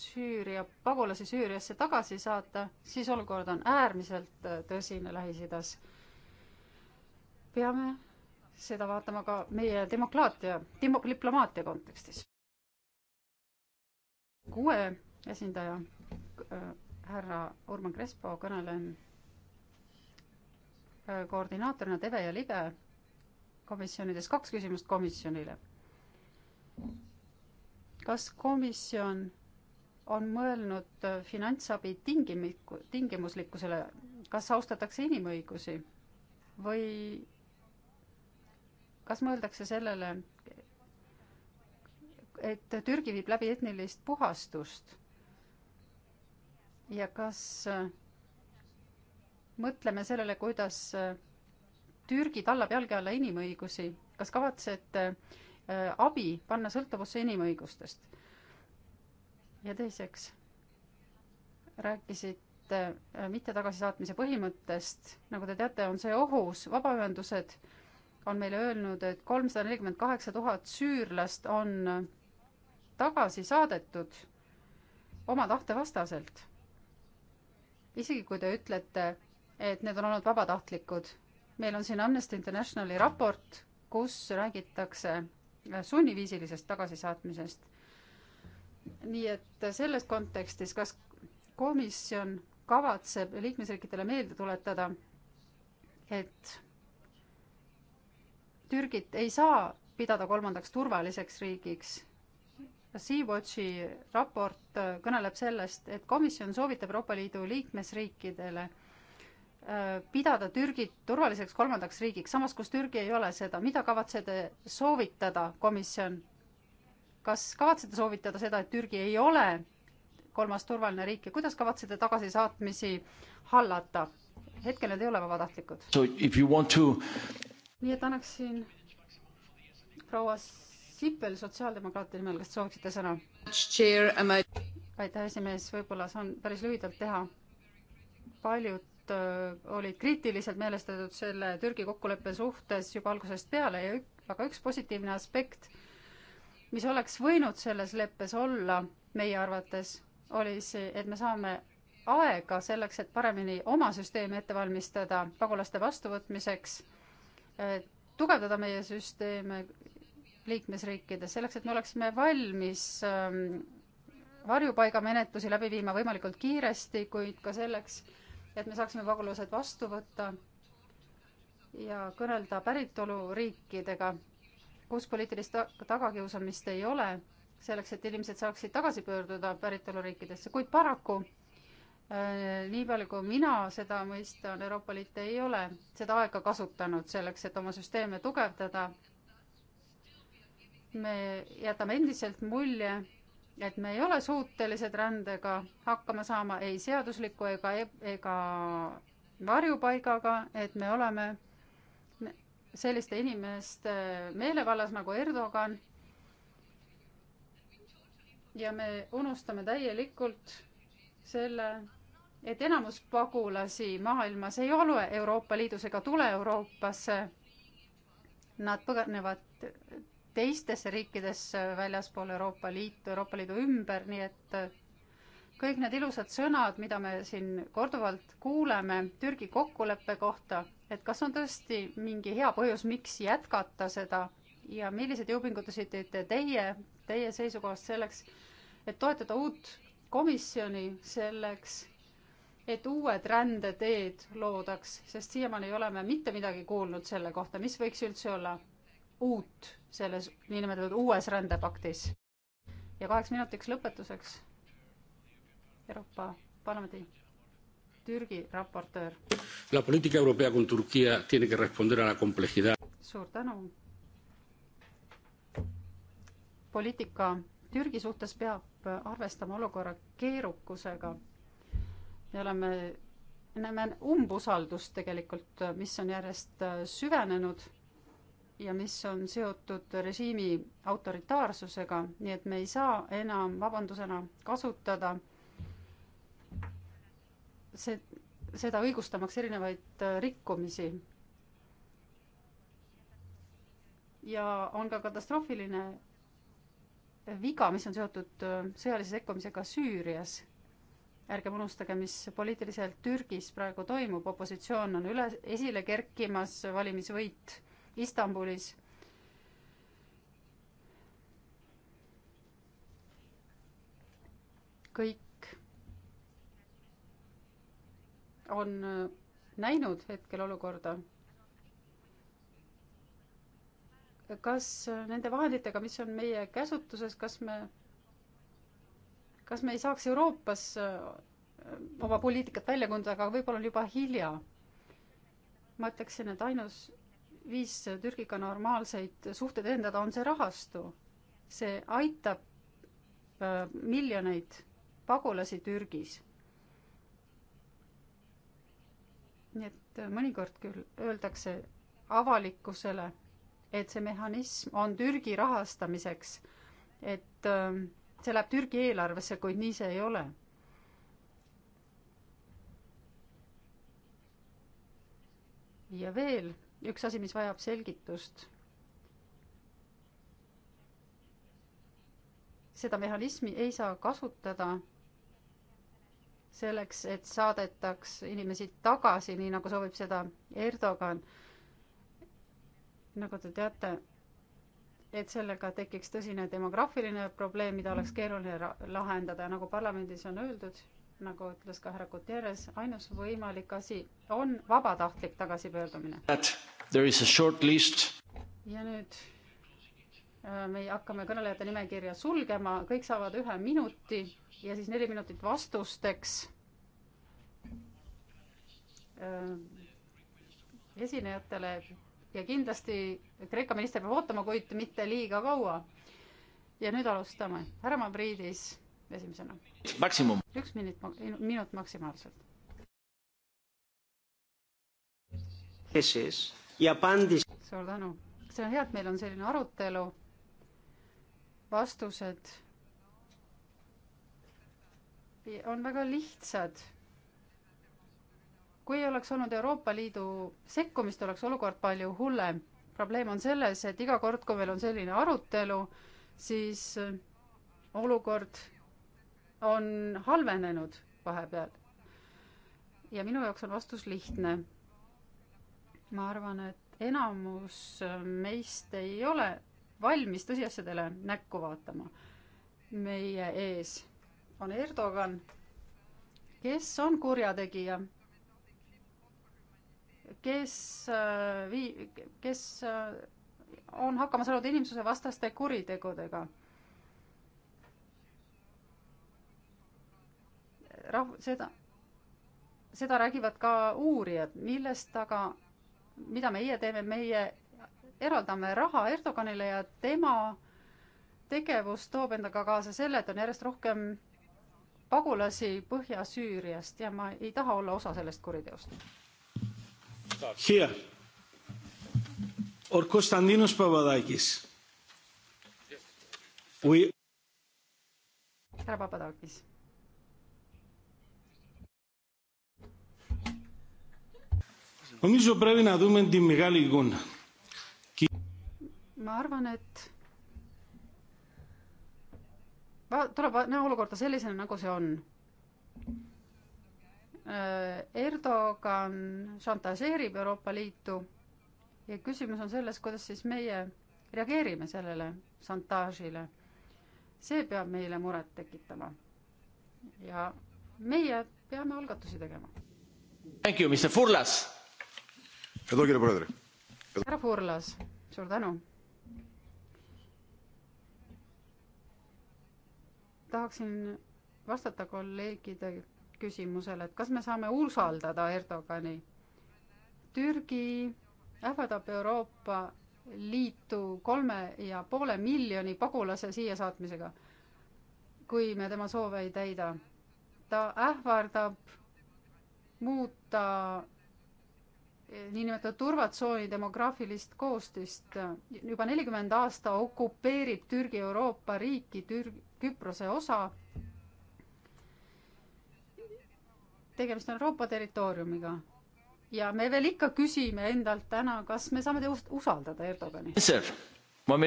Süüria, pagulasi Süüriasse tagasi saata, siis olukord on äärmiselt äh, tõsine Lähis-Idas. peame seda vaatama ka meie demokraatia, diplomaatia kontekstis. kuue esindaja äh,, härra Urman Crespo, kõnelen äh, koordinaatorina Teve ja Libe komisjonides, kaks küsimust komisjonile. kas komisjon on mõelnud äh, finantsabi tingimik-, tingimuslikkusele, kas austatakse inimõigusi või kas mõeldakse sellele, et Türgi viib läbi etnilist puhastust ja kas äh, mõtleme sellele, kuidas äh, Türgi tallab jalge alla inimõigusi, kas kavatsete abi panna sõltuvusse inimõigustest? ja teiseks rääkisite äh, mitte tagasisaatmise põhimõttest, nagu te teate, on see ohus, vabaühendused on meile öelnud, et kolmsada nelikümmend kaheksa tuhat süürlast on tagasi saadetud oma tahte vastaselt. isegi kui te ütlete, et need on olnud vabatahtlikud, meil on siin Amnesty Internationali raport, kus räägitakse äh, sunniviisilisest tagasisaatmisest nii et selles kontekstis, kas komisjon kavatseb liikmesriikidele meelde tuletada, et Türgit ei saa pidada kolmandaks turvaliseks riigiks. Sea-Watchi raport kõneleb sellest, et komisjon soovitab Euroopa Liidu liikmesriikidele äh, pidada Türgit turvaliseks kolmandaks riigiks, samas kus Türgi ei ole seda, mida kavatsete soovitada komisjon kas kavatsete soovitada seda, et Türgi ei ole kolmas turvaline riik ja kuidas kavatsete tagasisaatmisi hallata? hetkel need ei ole vabatahtlikud. To... nii et annaksin proua Sippel sotsiaaldemokraatide nimel, kas te sooviksite sõna? aitäh, esimees, võib-olla saan päris lühidalt teha. paljud äh, olid kriitiliselt meelestatud selle Türgi kokkuleppe suhtes juba algusest peale ja ük, aga üks positiivne aspekt äh, mis oleks võinud selles leppes olla meie arvates, oli see, et me saame aega selleks, et paremini oma süsteemi ette valmistada pagulaste vastuvõtmiseks, tugevdada meie süsteeme liikmesriikides, selleks et me oleksime valmis ähm, varjupaigamenetlusi läbi viima võimalikult kiiresti, kuid ka selleks, et me saaksime pagulased vastu võtta ja kõnelda päritoluriikidega kus poliitilist tagakiusamist ei ole, selleks, et inimesed saaksid tagasi pöörduda päritoluriikidesse, kuid paraku äh, nii palju, kui mina seda mõistan, Euroopa Liit ei ole seda aega kasutanud selleks, et oma süsteeme tugevdada. me jätame endiselt mulje, et me ei ole suutelised rändega hakkama saama ei seadusliku ega, e-, ega varjupaigaga, et me oleme selliste inimeste meelevallas nagu Erdogan. ja me unustame täielikult selle, et enamus pagulasi maailmas ei ole Euroopa Liidus ega tule Euroopasse. Nad põgenevad teistesse riikidesse väljaspool Euroopa Liitu, Euroopa Liidu ümber, nii et kõik need ilusad sõnad, mida me siin korduvalt kuuleme Türgi kokkuleppe kohta, et kas on tõesti mingi hea põhjus, miks jätkata seda ja milliseid jõupingutusi teete teie, teie seisukohast selleks, et toetada uut komisjoni selleks, et uued rändeteed loodaks, sest siiamaani ei ole me mitte midagi kuulnud selle kohta, mis võiks üldse olla uut selles niinimetatud uues rändepaktis. ja kaheks minutiks lõpetuseks Euroopa Parlamendi Türgi raportöör. La política europea con Turquía tiene que responder a la complejidad. suur tänu. poliitika Türgi suhtes peab arvestama olukorra keerukusega. me oleme, näeme umbusaldust tegelikult, mis on järjest äh, süvenenud ja mis on seotud režiimi autoritaarsusega, nii et me ei saa enam vabandusena kasutada see, seda õigustamaks erinevaid äh, rikkumisi. ja on ka katastroofiline viga, mis on seotud äh, sõjalise sekkumisega Süürias. ärgem unustage, mis poliitiliselt Türgis praegu toimub, opositsioon on üle, esile kerkimas, valimisvõit Istanbulis. kõik on äh, näinud hetkel olukorda. kas äh, nende vahenditega, mis on meie käsutuses, kas me, kas me ei saaks Euroopas äh, oma poliitikat välja kujundada, aga võib-olla on juba hilja. ma ütleksin, et ainus viis Türgiga normaalseid suhteid edendada on see rahastu. see aitab miljoneid pagulasi Türgis nii et äh, mõnikord küll öeldakse avalikkusele, et see mehhanism on Türgi rahastamiseks, et ähm, see läheb Türgi eelarvesse, kuid nii see ei ole. ja veel üks asi, mis vajab selgitust. seda mehhanismi ei saa kasutada selleks, et saadetaks inimesi tagasi, nii nagu soovib seda Erdogan. nagu te teate, et sellega tekiks tõsine demograafiline probleem, mida oleks keeruline lahendada ja nagu parlamendis on öeldud, nagu ütles ka härra Guterres, ainus võimalik asi on vabatahtlik tagasipöördumine. ja nüüd me hakkame kõnelejate nimekirja sulgema, kõik saavad ühe minuti ja siis neli minutit vastusteks. Äh, esinejatele ja kindlasti Kreeka minister peab ootama, kuid mitte liiga kaua. ja nüüd alustame. härra Mavridis esimesena. maksimum. üks minut, minut maksimaalselt. suur tänu. see on hea, et meil on selline arutelu vastused on väga lihtsad. kui ei oleks olnud Euroopa Liidu sekkumist, oleks olukord palju hullem. probleem on selles, et iga kord, kui meil on selline arutelu, siis äh, olukord on halvenenud vahepeal. ja minu jaoks on vastus lihtne. ma arvan, et enamus äh, meist ei ole valmis tõsiasjadele näkku vaatama. meie ees on Erdogan, kes on kurjategija, kes äh, vii-, kes äh, on hakkama saanud inimsuse vastaste kuritegudega. rahv-, seda, seda räägivad ka uurijad, millest aga, mida meie teeme, meie eraldame raha Erdoganile ja tema tegevus toob endaga kaasa selle, et on järjest rohkem pagulasi Põhja-Süüriast ja ma ei taha olla osa sellest kuriteost. Konstantinos Papadakis. härra Papadakis. Νομίζω πρέπει να δούμε τη μεγάλη εικόνα ma arvan, et tuleb näha olukorda sellisena, nagu see on. Äh, Erdogan šantažeerib Euroopa Liitu ja küsimus on selles, kuidas siis meie reageerime sellele šantaažile. see peab meile muret tekitama. ja meie peame algatusi tegema. Thank you, Mr Furlas. härra Furlas, suur tänu tahaksin vastata kolleegide küsimusele, et kas me saame usaldada Erdogani. Türgi ähvardab Euroopa Liitu kolme ja poole miljoni pagulase siia saatmisega, kui me tema soove ei täida. ta ähvardab muuta niinimetatud turvatsooni demograafilist koostist. juba nelikümmend aasta okupeerib Türgi Euroopa riiki, Türgi, Küprose osa. tegemist on Euroopa territooriumiga ja me veel ikka küsime endalt täna, kas me saame teust usaldada Erdogani. Um,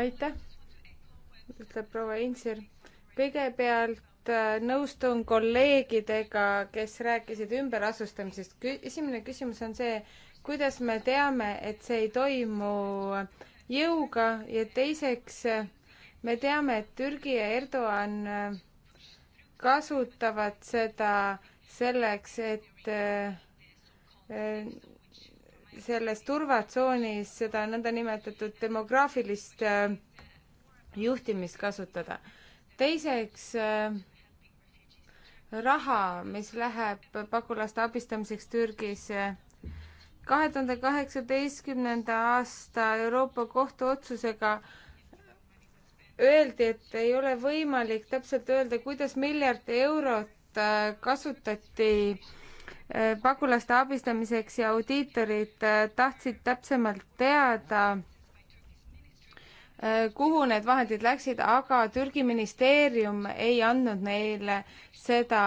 aitäh, ütleb proua Insir. kõigepealt äh, nõustun kolleegidega, kes rääkisid ümberasustamisest. esimene küsimus on see, kuidas me teame, et see ei toimu äh, jõuga ja teiseks me teame, et Türgi ja Erdoğan äh, kasutavad seda selleks, et äh, äh, selles turvatsoonis seda nõndanimetatud demograafilist juhtimist kasutada. teiseks raha, mis läheb pagulaste abistamiseks Türgis kahe tuhande kaheksateistkümnenda aasta Euroopa Kohtu otsusega öeldi, et ei ole võimalik täpselt öelda, kuidas miljard eurot äh, kasutati äh, pagulaste abistamiseks ja audiitorid äh, tahtsid täpsemalt teada, kuhu need vahendid läksid, aga Türgi ministeerium ei andnud neile seda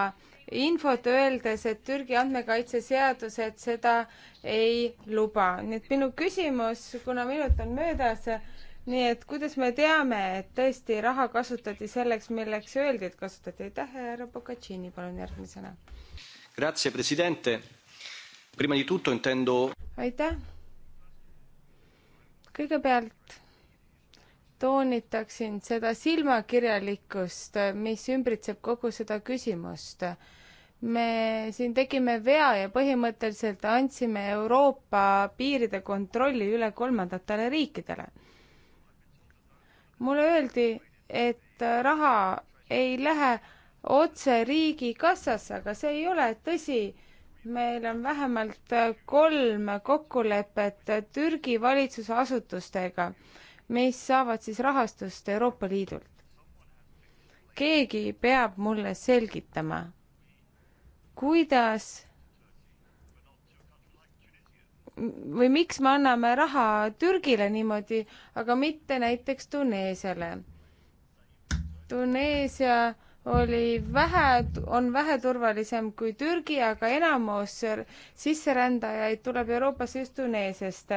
infot, öeldes, et Türgi andmekaitseseadused seda ei luba. nii et minu küsimus, kuna minut on möödas, nii et kuidas me teame, et tõesti raha kasutati selleks, milleks öeldi, et kasutati. aitäh, härra Boccacini, palun järgmisena. Grazie, presidente. Prima di tutto intendo. aitäh. kõigepealt toonitaksin seda silmakirjalikkust, mis ümbritseb kogu seda küsimust. me siin tegime vea ja põhimõtteliselt andsime Euroopa piiride kontrolli üle kolmandatele riikidele. mulle öeldi, et raha ei lähe otse riigikassasse, aga see ei ole tõsi meil on vähemalt kolm kokkulepet Türgi valitsuse asutustega mis saavad siis rahastust Euroopa Liidult. keegi peab mulle selgitama, kuidas või miks me anname raha Türgile niimoodi, aga mitte näiteks Tuneesiale. Tuneesia oli vähe, on väheturvalisem kui Türgi, aga enamus sisserändajaid tuleb Euroopasse just Tuneesiast.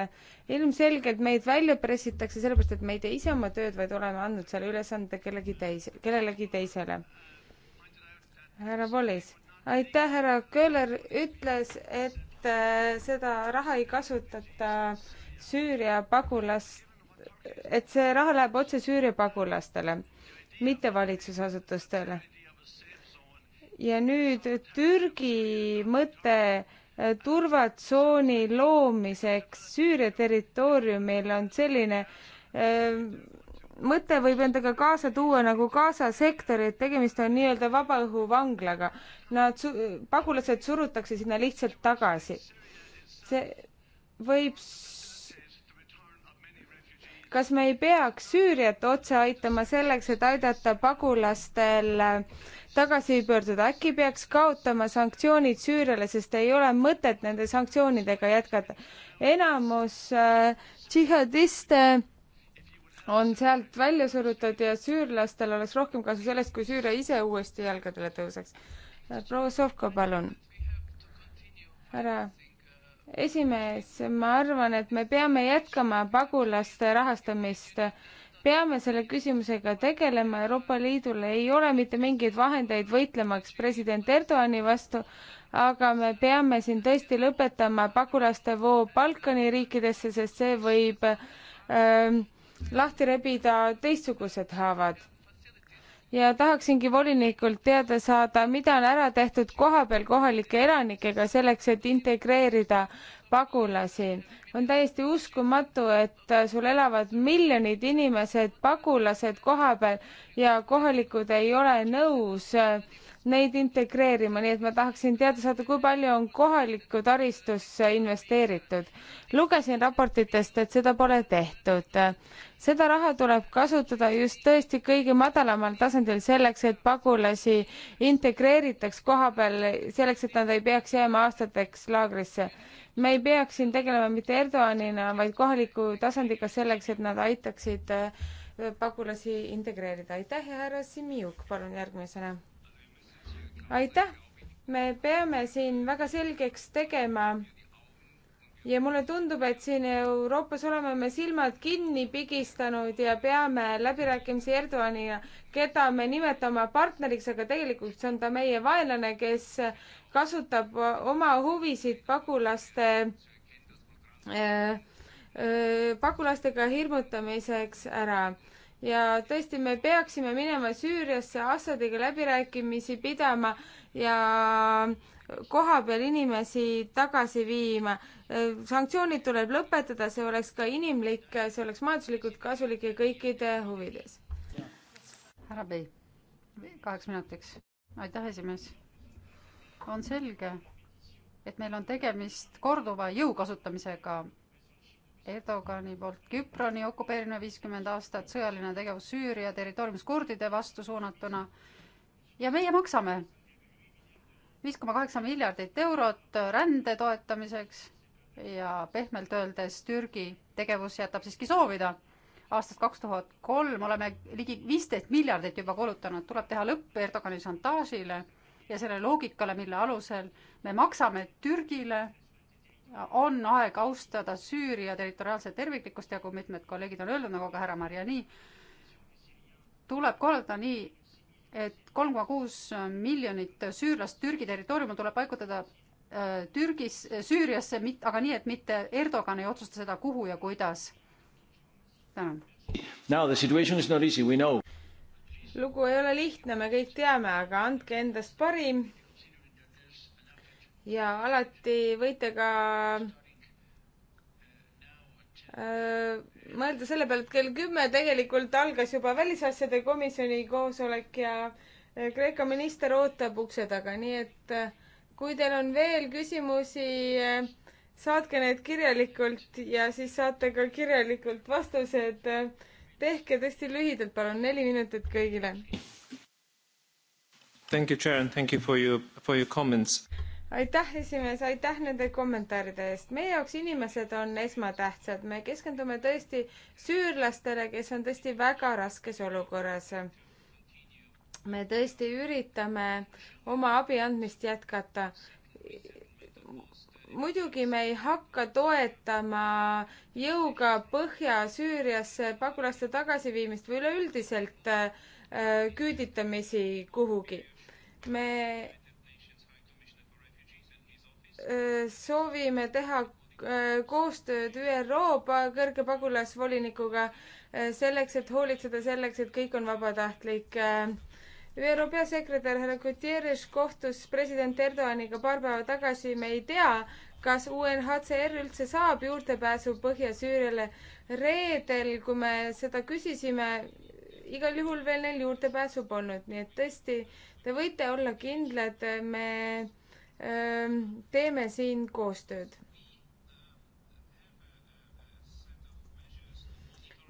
ilmselgelt meid välja pressitakse sellepärast, et me ei tee ise oma tööd, vaid oleme andnud selle ülesande kellegi teise, kellelegi teisele. härra Polis, aitäh, härra Köhler ütles, et äh, seda raha ei kasutata Süüria pagulast, et see raha läheb otse Süüria pagulastele mittevalitsusasutustele. ja nüüd Türgi mõte eh, turvatsooni loomiseks Süüria territooriumil on selline eh, mõte võib endaga kaasa tuua nagu Gaza sektori, et tegemist on nii-öelda vabaõhuvanglaga. Nad su-, pagulased surutakse sinna lihtsalt tagasi. see võib kas me ei peaks Süüriat otse aitama selleks, et aidata pagulastel tagasi pöörduda, äkki peaks kaotama sanktsioonid Süüriale, sest ei ole mõtet nende sanktsioonidega jätkata. enamus äh, džihadiste äh, on sealt välja surutud ja süürlastel oleks rohkem kasu sellest, kui Süüria ise uuesti jalgadele tõuseks. proua Sovko, palun. härra esimees, ma arvan, et me peame jätkama pagulaste rahastamist. peame selle küsimusega tegelema, Euroopa Liidul ei ole mitte mingeid vahendeid võitlemaks president Erdoani vastu, aga me peame siin tõesti lõpetama pagulaste voo Balkani riikidesse, sest see võib öö, ähm, lahti rebida teistsugused haavad ja tahaksingi volinikult teada saada, mida on ära tehtud kohapeal kohalike elanikega selleks, et integreerida pagulasi. on täiesti uskumatu, et sul elavad miljonid inimesed, pagulased kohapeal ja kohalikud ei ole nõus äh, neid integreerima, nii et ma tahaksin teada saada, kui palju on kohalikku taristusse investeeritud. lugesin raportitest, et seda pole tehtud. seda raha tuleb kasutada just tõesti kõige madalamal tasandil selleks, et pagulasi integreeritaks koha peal, selleks, et nad ei peaks jääma aastateks laagrisse. me ei peaks siin tegelema mitte Erdoganina, vaid kohaliku tasandiga selleks, et nad aitaksid äh, pagulasi integreerida. aitäh ja härra Simiuk, palun järgmisena aitäh! me peame siin väga selgeks tegema ja mulle tundub, et siin Euroopas oleme me silmad kinni pigistanud ja peame läbirääkimisi Erdoganiga, keda me nimetame partneriks, aga tegelikult see on ta meie vaenlane, kes kasutab oma huvisid pagulaste äh, äh, pagulastega hirmutamiseks ära ja tõesti, me peaksime minema Süüriasse Assadiga läbirääkimisi pidama ja kohapeal inimesi tagasi viima. sanktsioonid tuleb lõpetada, see oleks ka inimlik, see oleks majanduslikult kasulik ja kõikide huvides. härra Bey, kaheks minutiks. aitäh, esimees. on selge, et meil on tegemist korduva jõu kasutamisega Erdogani poolt Küproni okupeerimine viiskümmend aastat, sõjaline tegevus Süüria territooriumis kurdide vastu suunatuna ja meie maksame viis koma kaheksa miljardit eurot rände toetamiseks ja pehmelt öeldes Türgi tegevus jätab siiski soovida. aastast kaks tuhat kolm oleme ligi viisteist miljardit juba kulutanud, tuleb teha lõpp Erdogani šantaažile ja sellele loogikale, mille alusel me maksame Türgile on aeg austada Süüria territoriaalset terviklikkust ja kui mitmed kolleegid on öelnud, nagu ka härra Mariani, tuleb korraldada nii, et kolm koma kuus miljonit süürlast Türgi territooriumil tuleb paigutada äh, Türgis, äh, Süüriasse, aga nii, et mitte Erdogan ei otsusta seda, kuhu ja kuidas. tänan. lugu ei ole lihtne, me kõik teame, aga andke endast parim ja alati võite ka äh, mõelda selle peale, et kell kümme tegelikult algas juba välisasjade komisjoni koosolek ja äh, Kreeka minister ootab ukse taga, nii et äh, kui teil on veel küsimusi, saatke need kirjalikult ja siis saate ka kirjalikult vastused. tehke tõesti lühidalt, palun, neli minutit kõigile. Thank you, Sharon, thank you for your, for your comments aitäh, esimees, aitäh nende kommentaaride eest. meie jaoks inimesed on esmatähtsad, me keskendume tõesti süürlastele, kes on tõesti väga raskes olukorras. me tõesti üritame oma abi andmist jätkata. muidugi me ei hakka toetama jõuga Põhja-Süüriasse pagulaste tagasiviimist või üleüldiselt äh, küüditamisi kuhugi. me Äh, soovime teha äh, koostööd ÜRO kõrge pagulasvolinikuga äh, selleks, et hoolitseda selleks, et kõik on vabatahtlik. ÜRO peasekretär härra Guterres kohtus president Erdoganiga paar päeva tagasi, me ei tea, kas UNHCR üldse saab juurdepääsu Põhja-Süüriale. reedel, kui me seda küsisime, igal juhul veel neil juurdepääsu polnud, nii et tõesti, te võite olla kindlad, me teeme siin koostööd.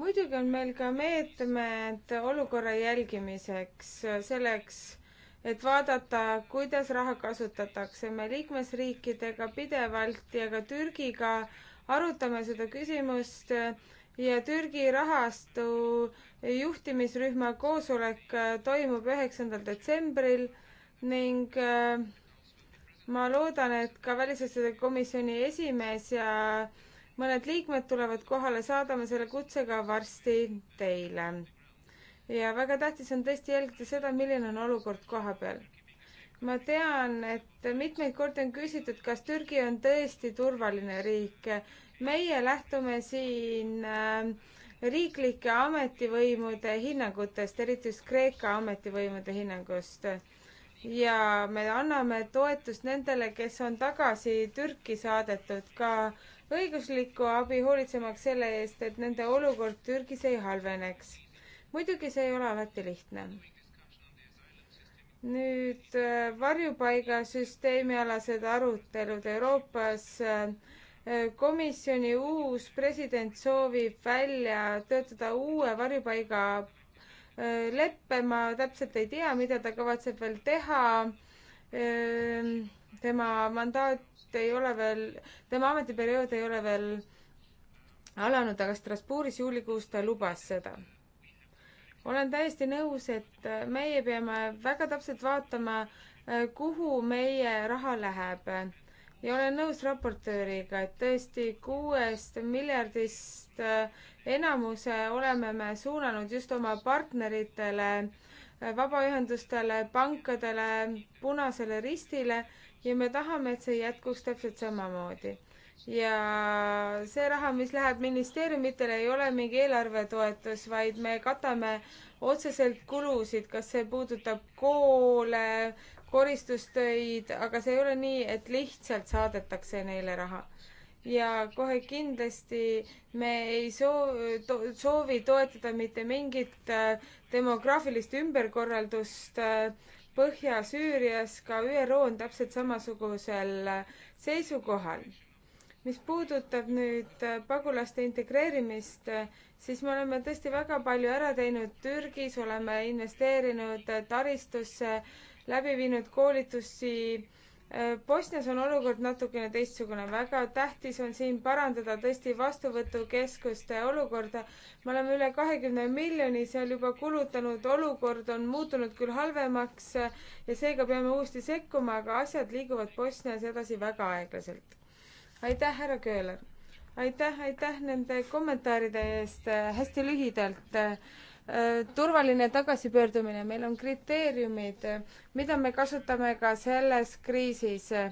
muidugi on meil ka meetmed olukorra jälgimiseks, selleks, et vaadata, kuidas raha kasutatakse. me liikmesriikidega pidevalt ja ka Türgiga arutame seda küsimust ja Türgi rahastu juhtimisrühma koosolek toimub üheksandal detsembril ning äh, ma loodan, et ka välisasjade komisjoni esimees ja mõned liikmed tulevad kohale, saadame selle kutse ka varsti teile. ja väga tähtis on tõesti jälgida seda, milline on olukord koha peal. ma tean, et mitmeid kordi on küsitud, kas Türgi on tõesti turvaline riik. meie lähtume siin äh, riiklike ametivõimude hinnangutest, eriti just Kreeka ametivõimude hinnangust ja me anname toetust nendele, kes on tagasi Türki saadetud, ka õiguslikku abi hoolitsemaks selle eest, et nende olukord Türgis ei halveneks. muidugi see ei ole alati lihtne. nüüd äh, varjupaigasüsteemialased arutelud Euroopas. Äh, komisjoni uus president soovib välja töötada uue varjupaiga Äh, leppe, ma täpselt ei tea, mida ta kavatseb veel teha. Ähm, tema mandaat ei ole veel, tema ametiperiood ei ole veel alanud, aga Strasbourgis juulikuus ta lubas seda. olen täiesti nõus, et meie peame väga täpselt vaatama, äh, kuhu meie raha läheb ja olen nõus raportööriga, et tõesti kuuest miljardist äh, enamuse oleme me suunanud just oma partneritele, äh, vabaühendustele, pankadele, Punasele Ristile ja me tahame, et see jätkuks täpselt samamoodi. ja see raha, mis läheb ministeeriumitele, ei ole mingi eelarvetoetus, vaid me katame otseselt kulusid, kas see puudutab koole, koristustöid, aga see ei ole nii, et lihtsalt saadetakse neile raha. ja kohe kindlasti me ei soo-, to-, soovi toetada mitte mingit äh, demograafilist ümberkorraldust äh, Põhja-Süürias, ka ÜRO on täpselt samasugusel äh, seisukohal. mis puudutab nüüd äh, pagulaste integreerimist, äh, siis me oleme tõesti väga palju ära teinud Türgis, oleme investeerinud äh, taristusse äh, läbi viinud koolitusi. Äh, Bosnias on olukord natukene teistsugune, väga tähtis on siin parandada tõesti vastuvõtukeskuste olukorda. me oleme üle kahekümne miljoni seal juba kulutanud, olukord on muutunud küll halvemaks ja seega peame uuesti sekkuma, aga asjad liiguvad Bosnias edasi väga aeglaselt. aitäh, härra Köhler! aitäh, aitäh nende kommentaaride eest, äh, hästi lühidalt äh, Äh, turvaline tagasipöördumine, meil on kriteeriumid, äh, mida me kasutame ka selles kriisis. Äh,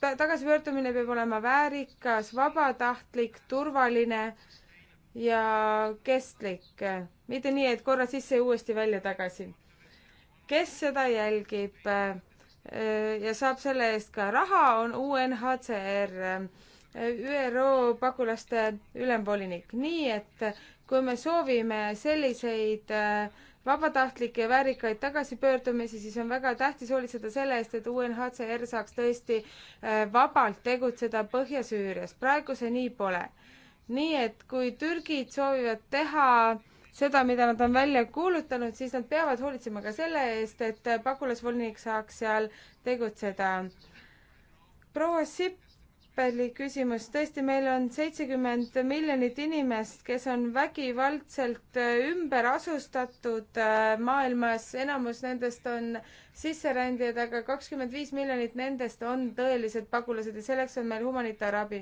ta-, tagasipöördumine peab olema väärikas, vabatahtlik, turvaline ja kestlik, mitte nii, et korra sisse ja uuesti välja tagasi. kes seda jälgib ja saab selle eest ka raha, on UNHCR ÜRO pagulaste ülemvolinik, nii et kui me soovime selliseid äh, vabatahtlikke ja väärikaid tagasipöördumisi, siis on väga tähtis hoolitseda selle eest, et UNHCR saaks tõesti äh, vabalt tegutseda Põhja-Süürias. praegu see nii pole. nii et kui türgid soovivad teha seda, mida nad on välja kuulutanud, siis nad peavad hoolitsema ka selle eest, et äh, pagulasvolinik saaks seal tegutseda. proua Sipp Sippeli küsimus. tõesti, meil on seitsekümmend miljonit inimest, kes on vägivaldselt äh, ümber asustatud äh, maailmas, enamus nendest on sisserändijad, aga kakskümmend viis miljonit nendest on tõelised pagulased ja selleks on meil humanitaarabi.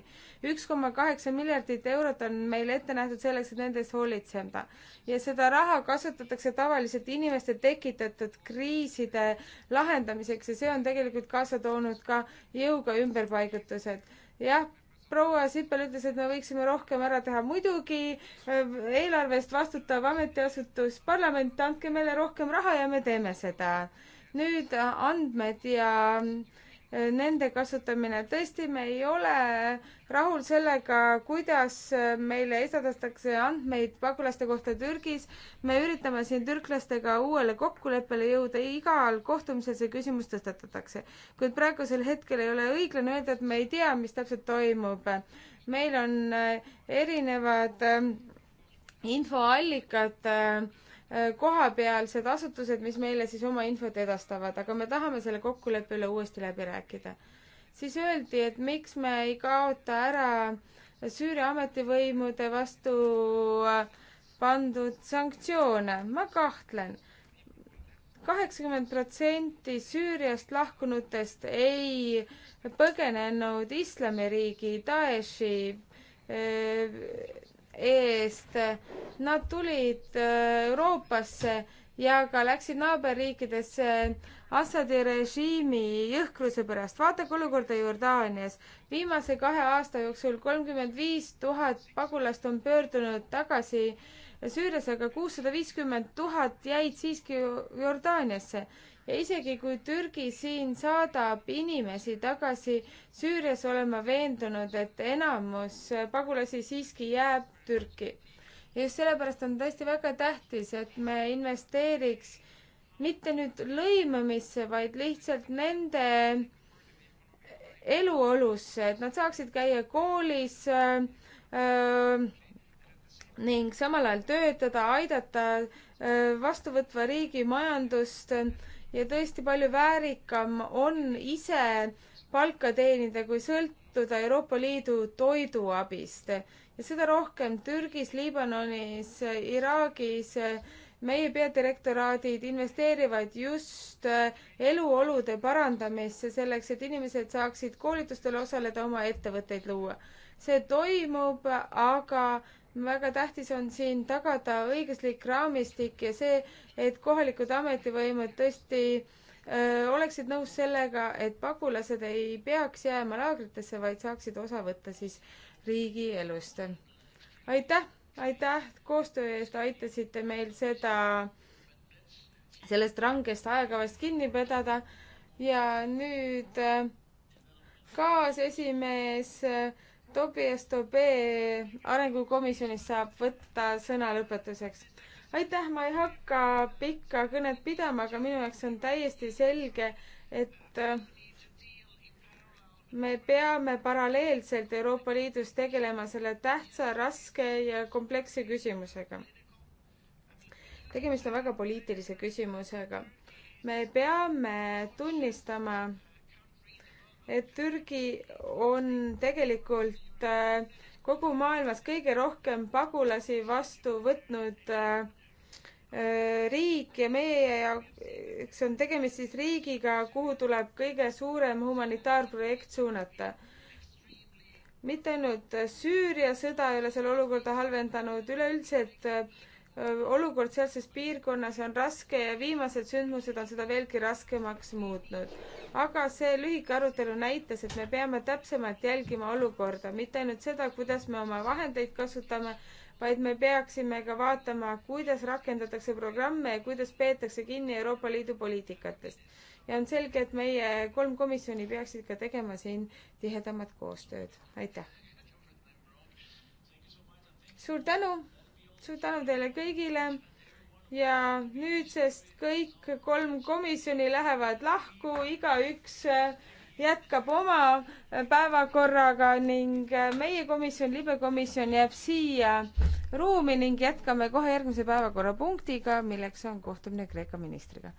üks koma kaheksa miljardit eurot on meil ette nähtud selleks, et nende eest hoolitseda. ja seda raha kasutatakse tavaliselt inimeste tekitatud kriiside lahendamiseks ja see on tegelikult kaasa toonud ka jõuga ümberpaigutused et jah, proua Sippel ütles, et me võiksime rohkem ära teha. muidugi eelarvest vastutab ametiasutus parlament, andke meile rohkem raha ja me teeme seda. nüüd andmed ja äh, nende kasutamine. tõesti, me ei ole rahul sellega, kuidas meile edastatakse andmeid pagulaste kohta Türgis. me üritame siin türklastega uuele kokkuleppele jõuda, igal kohtumisel see küsimus tõstatatakse. kuid praegusel hetkel ei ole õiglane öelda, et me ei tea, mis täpselt toimub. meil on äh, erinevad äh, infoallikad äh, Äh, kohapealsed asutused, mis meile siis oma infot edastavad, aga me tahame selle kokkuleppe üle uuesti läbi rääkida. siis öeldi, et miks me ei kaota ära Süüria ametivõimude vastu äh, pandud sanktsioone. ma kahtlen. kaheksakümmend protsenti Süüriast lahkunutest ei põgenenud islamiriigi Daeshi äh, eest. Nad tulid äh, Euroopasse ja ka läksid naaberriikidesse Assadi režiimi jõhkruse pärast. vaadake olukorda Jordaanias. viimase kahe aasta jooksul kolmkümmend viis tuhat pagulast on pöördunud tagasi Süüriasse, aga kuussada viiskümmend tuhat jäid siiski Jordaaniasse ja isegi kui Türgi siin saadab inimesi tagasi Süürias, olen ma veendunud, et enamus pagulasi siiski jääb Türki. ja just sellepärast on tõesti väga tähtis, et me investeeriks mitte nüüd lõimumisse, vaid lihtsalt nende eluolusse, et nad saaksid käia koolis öö, äh, öö, äh, ning samal ajal töötada, aidata öö, äh, vastuvõtva riigi majandust ja tõesti palju väärikam on ise palka teenida, kui sõltuda Euroopa Liidu toiduabist. ja seda rohkem Türgis, Liibanonis, Iraagis meie peadirektoraadid investeerivad just eluolude parandamisse selleks, et inimesed saaksid koolitustel osaleda, oma ettevõtteid luua. see toimub, aga väga tähtis on siin tagada õiguslik raamistik ja see, et kohalikud ametivõimed tõesti öö, oleksid nõus sellega, et pagulased ei peaks jääma laagritesse, vaid saaksid osa võtta siis riigielust. aitäh, aitäh koostöö eest, aitasite meil seda, sellest rangest ajakavast kinni pidada ja nüüd äh, kaasesimees äh, Tobias Tobee arengukomisjonist saab võtta sõna lõpetuseks. aitäh, ma ei hakka pikka kõnet pidama, aga minu jaoks on täiesti selge, et äh, me peame paralleelselt Euroopa Liidus tegelema selle tähtsa, raske ja kompleksse küsimusega. tegemist on väga poliitilise küsimusega. me peame tunnistama, et Türgi on tegelikult äh, kogu maailmas kõige rohkem pagulasi vastu võtnud äh, äh, riik ja meie jaoks on tegemist siis riigiga, kuhu tuleb kõige suurem humanitaarprojekt suunata. mitte ainult Süüria sõda ei ole selle olukorda halvendanud, üleüldiselt olukord sealses piirkonnas on raske ja viimased sündmused on seda veelgi raskemaks muutnud. aga see lühike arutelu näitas, et me peame täpsemalt jälgima olukorda, mitte ainult seda, kuidas me oma vahendeid kasutame, vaid me peaksime ka vaatama, kuidas rakendatakse programme ja kuidas peetakse kinni Euroopa Liidu poliitikatest. ja on selge, et meie kolm komisjoni peaksid ka tegema siin tihedamat koostööd. aitäh! suur tänu! suur tänu teile kõigile ja nüüdsest kõik kolm komisjoni lähevad lahku, igaüks äh, jätkab oma äh, päevakorraga ning äh, meie komisjon, libekomisjon jääb siia ruumi ning jätkame kohe järgmise päevakorrapunktiga, milleks on kohtumine Kreeka ministriga.